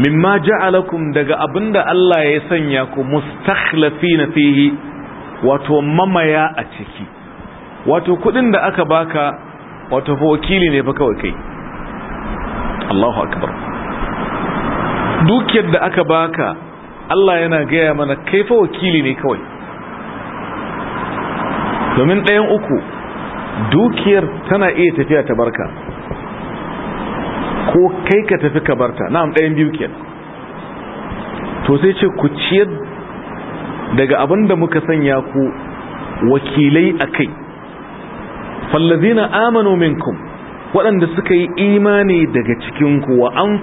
mimma ja'alakum daga abinda Allah ya sanya ku mustakhlafina fihi wato mamaya a ciki wato kudin da aka baka wato wakili ne baka kawai Allahu akbar dukiyar da aka baka Allah yana gaya mana kai fa wakili ne kawai domin ɗayan uku dukiyar tana iya tafiya ta barka ko kai ka tafi ka barta am ɗayan biyu kenan to sai ce ku ciyar daga abin da muka sanya ku wakilai a kai fallazina amanu minkum waɗanda suka yi imani daga cikin kuwa an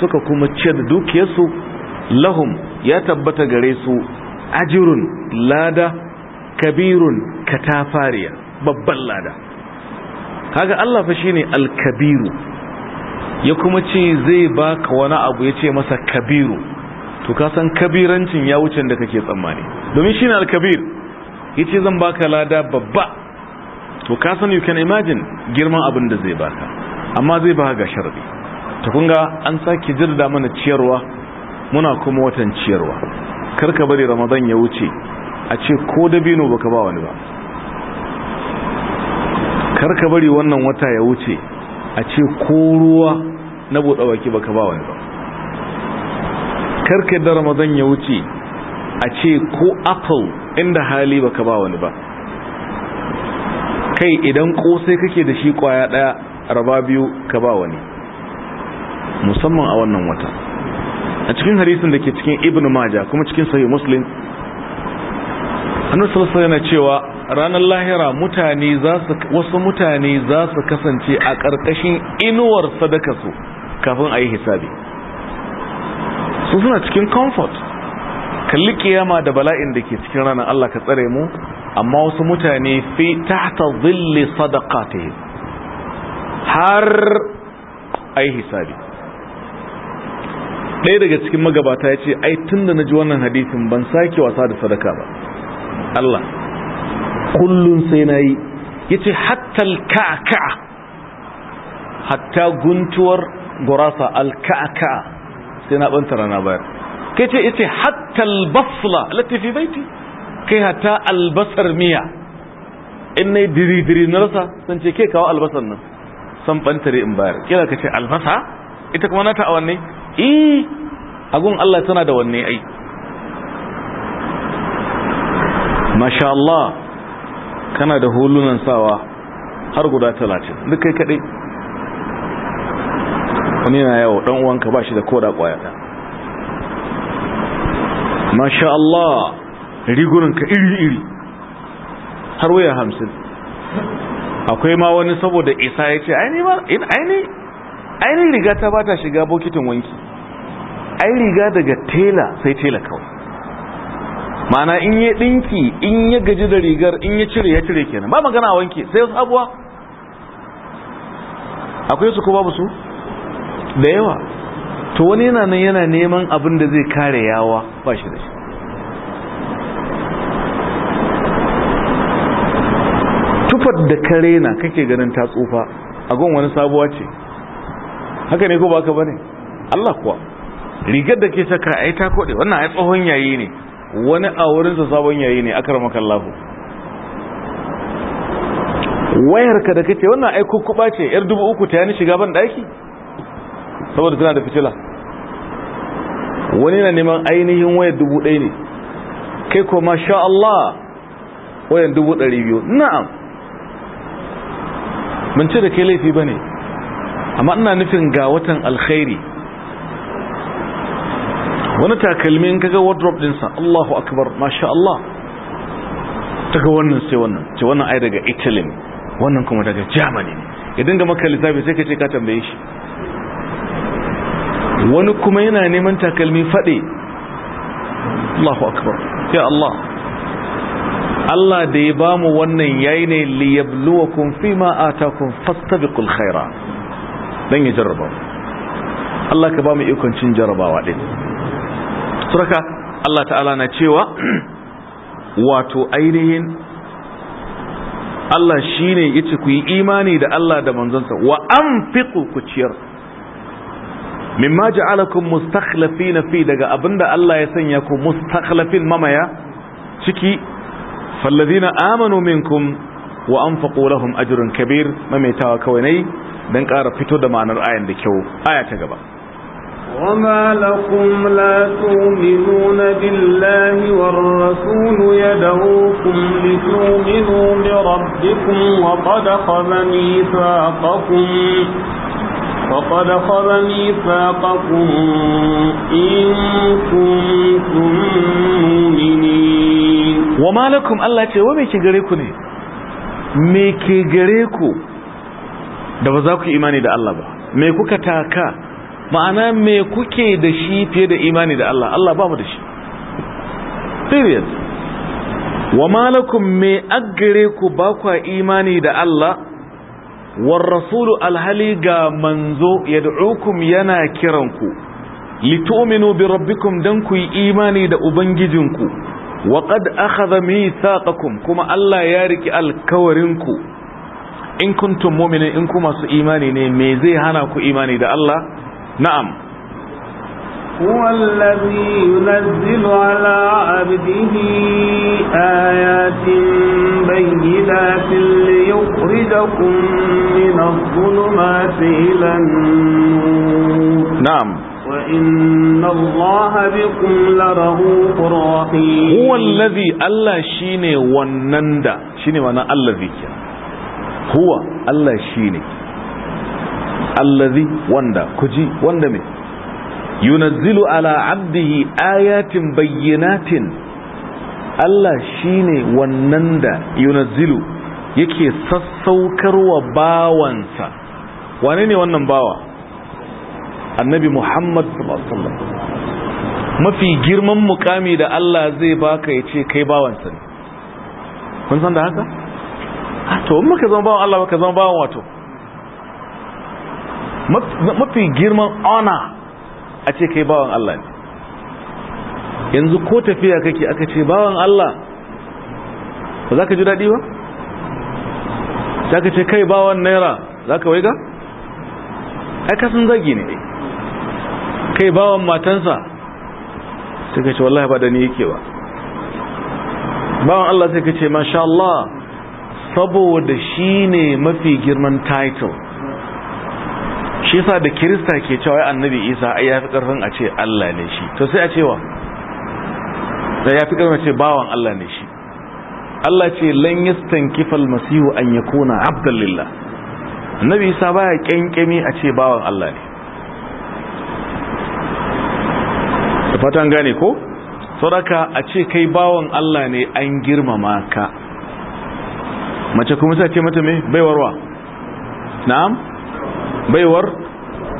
suka kuma ce da dukiyarsu lahum ya tabbata gare su ajirun lada kabirun katafariya babban lada kaga Allah fa shine al-kabiru ya kuma ce zai baka wani abu ya ce masa kabiru to ka san kabirancin ya wuce da kake tsammani domin shine AlKabir ya ce zan baka lada babba to ka san you can imagine girman abin da zai baka amma zai baka ga sharadi ta kunga an sake jirda mana ciyarwa muna kuma watan ciyarwa karka bari ramadan ya wuce a ce ko dabino baka ba wani ba karka bari wannan wata ya wuce a ce ko ruwa na buɗe baki baka ba wani ba karka da ramadan ya wuce a ce ko apple inda hali baka ba wani ba kai idan kosai kake da shi kwaya daya raba biyu ka ba wani musamman a wannan wata a cikin hadisin da ke cikin ibn majah kuma cikin sahih muslim annabi sallallahu alaihi wasallam cewa ranar lahira mutane za su wasu mutane za su kasance a karkashin inuwar sadaka su kafin a yi hisabi su suna cikin comfort kalli kiyama da bala'in da ke cikin ranar Allah ka tsare mu amma wasu mutane fi tahta zilli yi. har ai hisabi ɗaya daga cikin magabata ya ce ai tun da na ji wannan hadisin ban sake wasa da sadaka ba Allah kullum sai na yi ya ce hatta alka'aka hatta guntuwar gurasa alka'aka sai na ɓanta rana bayar kai ce ya ce hatta albasla latifi baiti kai hata albasar miya in na yi diri-diri na rasa sun ce ke kawo albasar nan san bantare in bayar kira ka ce albasa ita kuma nata a wanne E, agun Allah tana da wanne ai masha Allah kana da hulunan sawa har guda talatin duk kai kaɗai wani na yawo ɗan uwanka ba shi da koda ƙwayata. masha Allah rigunanka iri-iri har waya hamsin akwai ma wani saboda isa ya ce ainihin riga ta ba ta shiga bokitin wanki ai riga daga tela sai tela kawai mana in yi dinki in ya gaji da rigar in ya cire ya cire kenan ba magana wanki sai wasu abuwa akwai su ko babu su da yawa to wani yana nan yana neman abin da zai kare yawa ba shi da shi tsufar da ka rena kake ganin ta tsufa a gun wani sabuwa ce haka ne ko ba ka bane Allah kuwa rigar da ke saka ai ta kode wannan ai tsohon yayi ne wani a wurin sa sabon yayi ne akramaka Allah wayar ka da kace wannan ai kukkuba ce yar dubu uku ta yani shiga ban daki saboda tana da fitila wani na neman ainihin wayar dubu ɗaya ne kai ko masha Allah wayan dubu ɗari biyu na'am mun ce da kai laifi ba ne amma ina nufin ga watan alkhairi wani takalmi in kaga wardrobe dinsa Allahu akbar masha Allah Ta ga wannan sai wannan ce wannan ai daga Italy wannan kuma daga Germany ne ya dinga maka lissafi sai ka ce ka tambaye shi wani kuma yana neman takalmi fade Allahu akbar ya Allah Allah da ya ba mu wannan yayi ne fi ma atakum fastabiqul khaira dan ya jarraba Allah ka ba mu ikon cin jarrabawa din suraka Allah ta'ala na cewa *clears throat* wato ainihin Allah shine yace ku yi imani da Allah da manzonsa wa anfiqu ku mimma ja'alakum mustakhlifina fi daga abinda Allah ya sanya ku mustakhlifin mamaya ciki فالذين آمنوا منكم وأنفقوا لهم أجر كبير مميتاوا كوني دان قارا فتو ده معنار آية ده كيو آية وما لكم لا تؤمنون بالله والرسول يدعوكم لتؤمنوا بربكم وقد خذ ميثاقكم وقد خذ ميثاقكم إن كنتم مؤمنين wa malakum Allah ce wa me ke gare ku ne me ke gare ku da ba za ku imani da Allah ba me kuka taka ma'ana me kuke da shi fiye da imani da Allah Allah ba mu da shi period wa malakum me aggare ku ba kwa imani da Allah war rasulu alhali ga manzo yad'ukum yana kiranku litu'minu bi rabbikum dan ku yi imani da ubangijinku wa qad saƙa mithaqakum kuma Allah ya riki alkawarinku in kuntum mu'minin in kuma su imani ne me zai hana ku imani da Allah na'am huwa allazi yunzilu ala 'abdihi ayatin bayyinatin liyukhrijakum min adh-dhulumati ila an-nur na'am إن الله بكم لرؤوف رحيم هو الذي الله شيني ونندا شيني وانا الذي هو الله شيني الذي وندا كجي وندا من ينزل على عبده آيات بينات Allah shine wannan da yunazzilu yake sassaukarwa bawansa wane ne wannan bawa annabi muhammad sallallahu mafi girman mukami da Allah zai baka ya ce kai bawansa ne kun san da haka? Ah, to in maka zama bawan Allah maka zama bawan wato mafi girman honor a ce kai bawan Allah ne yanzu ko tafiya kake aka ce bawan Allah ba za ka ji daɗi ba? za ka ce kai bawan naira za ka waiga? aikasin zagi ne kai bawan matansa Ka ce wallahi ba da ni yake ba bawan Allah ka ce masha Allah saboda shi ne mafi girman title shi sa da kirista ke cewa annabi isa ai ya fi ƙarfin a ce Allah ne shi to sai a cewa da ya fi ƙarfin a ce bawan Allah ne shi Allah ce lan yastankifal masihu an yakuna abdan lillah annabi isa baya kyankyami a ce bawan Allah ne da fatan gane ko sauraka a ce kai bawan Allah ne an girmama ka mace kuma sa ce mata me baiwarwa na'am baiwar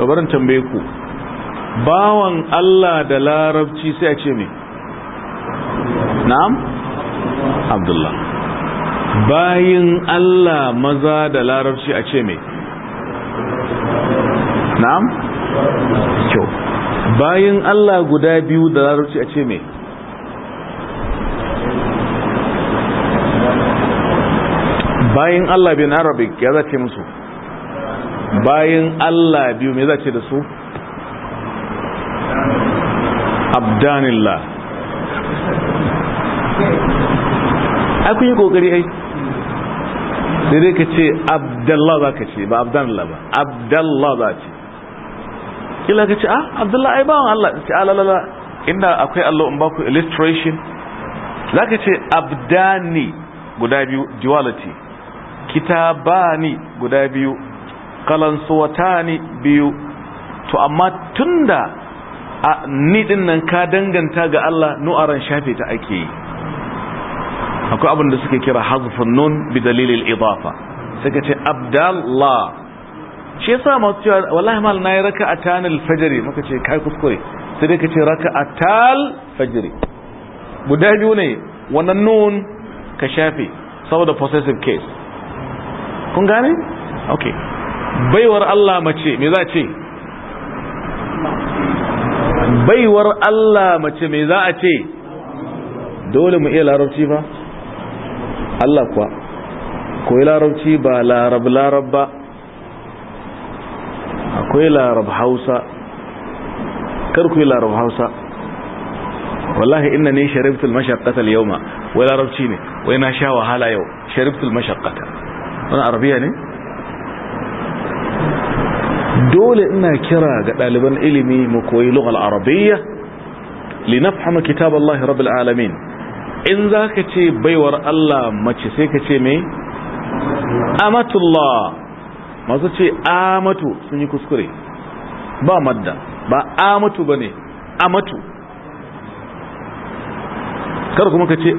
barin tambaye ku bawan Allah da larabci sai a ce me na'am abdullah bayin Allah maza da larabci a ce me na'am bayan Allah guda biyu da larabci a ce me bayan Allah bin arabic ya ce musu bayan Allah biyu me ce da su abdanillah akwai yi kokari ai da dai ka ce abdallah za ka ce ba abdanillah ba abdallah za ce kila ka ce ah abdullahi ai bawan Allah ce alalala ah, inda akwai Allah in baku illustration za ka ce abdani guda biyu duality kitabani guda biyu kalansuwatani biyu to amma tunda a ni din nan ka danganta ga Allah nu'aran shafe ta ake yi akwai abin da suke kira hazfun nun bi dalilil idafa suka ce abdallah shi yasa masu cewa wallahi mal nayi raka'atan al-fajr muka ce kai kuskure sai dai kace raka'atal fajr guda biyu ne wannan nun ka shafe saboda possessive case kun gane okay baiwar Allah mace me za ce baiwar Allah mace me za a ce dole mu iya larabci ba Allah kuwa koyi larabci ba larab larab ba akwai larab hausa karku larab hausa wallahi ina ne sharibtul mashaqqata al-yawma wai larabci ne wai na sha wahala yau sharibtul mashaqqata wannan arabiya ne dole ina kira ga ɗaliban ilimi mu koyi lughal arabiyya li fahimta kitab Allah rabbil alamin in za ka ce baiwar Allah mace sai ka ce me amatullah masu ce amatu sun yi kuskure ba madda ba amatu ba ne amatu kar kuma ka ce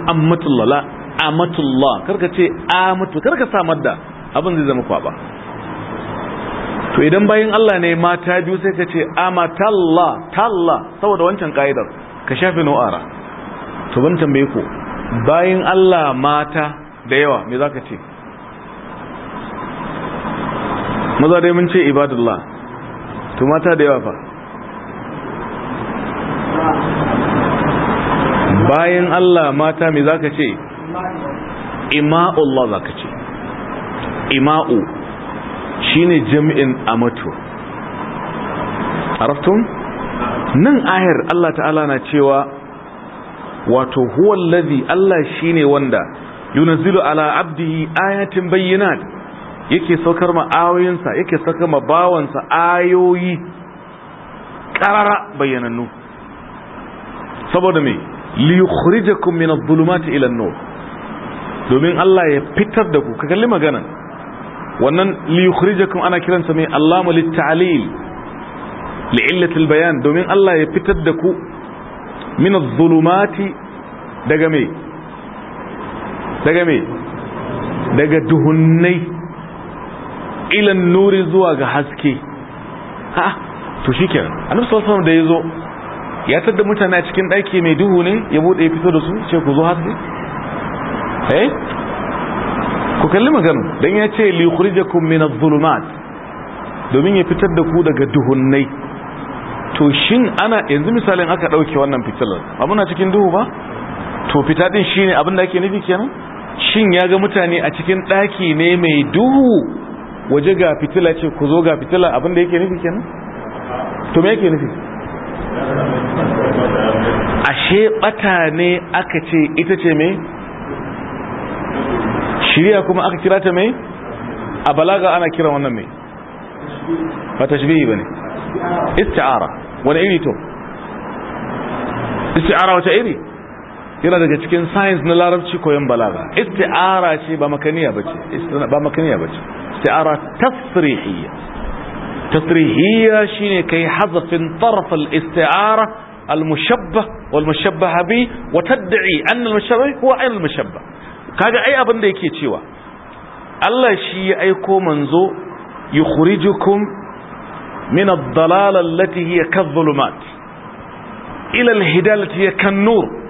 lala, la amatullah kar ka ce amatu kar ka sa madda abin zai zama kwaba to idan bayan Allah ne mata biyu sai ka ce amatalla talla saboda wancan ka'idar ka shafe nu'ara to ban tambaye ku bayan Allah mata da yawa me ka ce maza dai mun ce ibadullah to mata da yawa fa bayan Allah mata me zaka ce ima'ullah zaka ce ima'u shine jami'in amatu araftum nan ayar Allah ta'ala na cewa wato huwa allazi Allah shine wanda yunzilu ala abdihi ayatin bayyana. yake saukar ma ayoyinsa yake saukar ma bawansa ayoyi karara bayyanannu saboda me li yukhrijakum min adh domin Allah ya fitar da ku ka kalli magana wannan li yukhrijakum ana kiransa me allamu lit-ta'lil li bayan domin Allah ya fitar da ku min adh daga me daga me daga duhunnai ilan nuri zuwa ga haske ha to kenan annabi sallallahu alaihi wasallam da zo. ya tada mutane a cikin daki mai duhu ne ya bude ya fito da su ce ku zo haske eh ku kalli magana dan ya ce li yukhrijakum min adh-dhulumat domin ya fitar da ku daga duhunnai to shin ana yanzu misalin aka dauke wannan fitilar abuna cikin duhu ba to fita din shine abin da ake nufi kenan shin ya ga mutane a cikin daki ne mai duhu waje ga fitila ce ku zo ga fitila abinda yake nufi kenan to me yake nufi ashe bata ne aka ce ita ce me shiriya kuma aka kira ta me a balaga ana kira wannan me ba tashbihi bane isti'ara wani iri to isti'ara wata iri yana daga cikin science na larabci koyon balaga isti'ara ce ba makaniya bace ba makaniya bace isti'ara tasrihiyya tasrihiyya shine kai hazafin tarf al-isti'ara al-mushabbah wal mushabbah bi wa tad'i anna al-mushabbah huwa ayna al-mushabbah kaga ai abin da yake cewa Allah shi ya aiko manzo yukhrijukum min ad-dalalah allati hiya kadh-dhulumat ila al-hidayah hiya kan-nur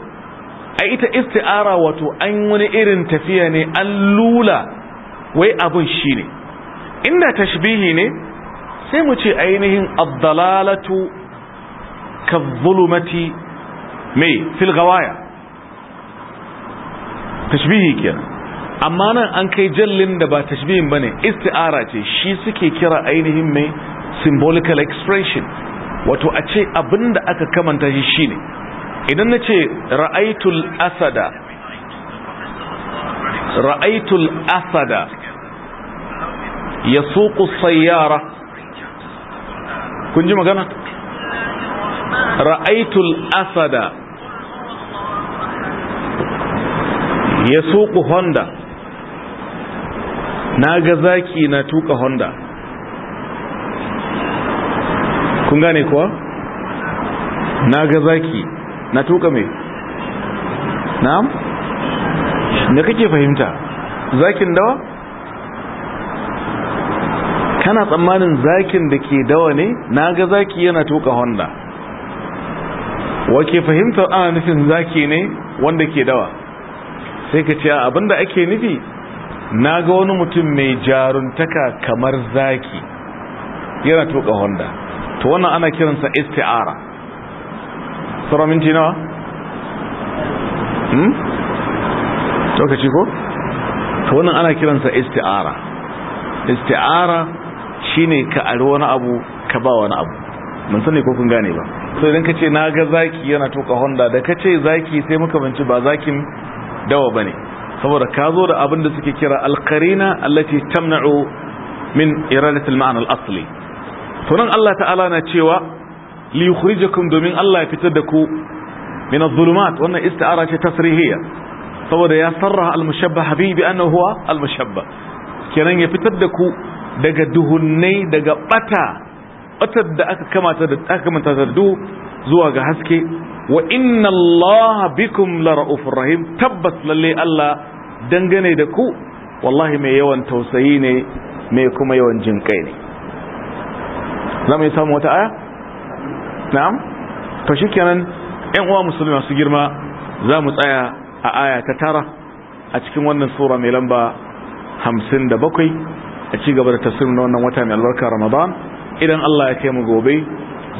a ita isti'ara wato an wani irin tafiya ne an lula wai abun shi ne inda tashbihi ne sai mu ce ainihin abdalalatu ka zulumati mai filgawaya tashbihi ke amma nan an kai jallin da ba tashbihin ba ne isti'ara ce shi suke kira ainihin mai symbolical expression wato a ce abinda aka kamanta shi ne. idan na ce ra'aitul asada ra'aitul asada ya suku sayara kun ji magana ra'aitul asada ya suku honda na ga zaki na tuka honda kun gane kuwa na ga zaki na tuka mai na'am da kake fahimta zakin dawa kana tsammanin zakin da ke dawa ne na ga zaki yana tuka honda wake fahimta ana nufin zaki ne wanda ke dawa sai ka ce abinda ake nufi na ga wani mutum mai jaruntaka kamar zaki yana tuka honda to wannan ana kiransa isti'ara tsara minti nawa hmm lokaci ko ta wannan ana kiransa isti'ara isti'ara ne ka ari wani abu ka ba wani abu mun sani ko kun gane ba sai idan ka ce na ga zaki yana toka honda da ka ce zaki sai muka binci ba zakin dawa ba ne saboda ka zo da abin da suke kira alkarina allati tamna'u min iradati al al-asli to nan Allah ta'ala na cewa li domin Allah ya fitar da ku min adh-dhulumat wannan isti'ara ce tasrihiyya saboda ya sarraha al-mushabbah bi annahu huwa al-mushabbah kenan ya fitar da ku daga duhunnai daga bata batar da aka kamata da aka kamata da duhu zuwa ga haske wa inna allaha bikum la ra'ufur rahim tabbas lalle Allah dangane da ku wallahi mai yawan tausayi ne mai kuma yawan jinkai ne zamu iya samu wata aya na'am to shikenan ƴan uwa musulmi masu girma za mu tsaya a aya ta tara a cikin wannan sura mai lamba hamsin da bakwai a ci gaba da tasirin na wannan wata mai albarka ramadan idan allah ya kai mu gobe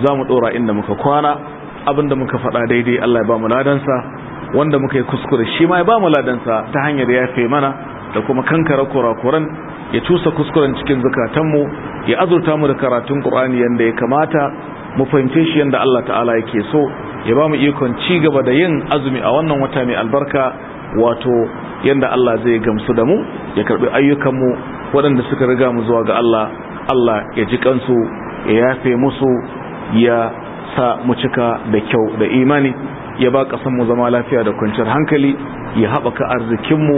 za mu ɗora inda muka kwana abinda muka faɗa daidai allah ya ba mu ladansa wanda muka yi kuskure shi ma ya ba mu ladansa ta hanyar ya fe mana da kuma kankara kurakuran ya tusa kuskuren cikin zakatanmu ya azurta mu da karatun ƙur'ani yanda ya kamata mu fahimce shi yadda Allah ta'ala yake so ya ba mu ikon ci gaba da yin azumi a wannan wata mai albarka wato yadda Allah zai gamsu da mu ya karbi ayyukanmu waɗanda suka riga mu zuwa ga Allah Allah ya ji kansu ya yafe musu ya sa mu cika da kyau da imani ya ba mu zama lafiya da kwanciyar hankali ya haɓaka arzikinmu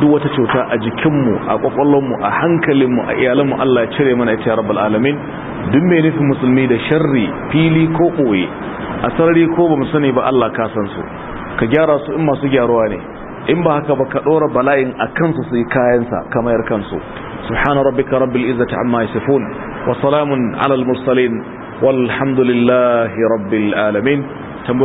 duk wata cuta a jikinmu a ƙwaƙwallonmu a hankalinmu a iyalanmu Allah ya cire mana ya rabbal alamin duk mai nufin musulmi da sharri fili ko ɓoye a sarari ko ba mu sani ba Allah ka san su ka gyara su in masu gyaruwa ne in ba haka ba ka ɗora bala'in a kansu su yi kayansa kamar kansu سبحان ربك رب العزة عما يصفون وسلام على المرسلين والحمد لله رب العالمين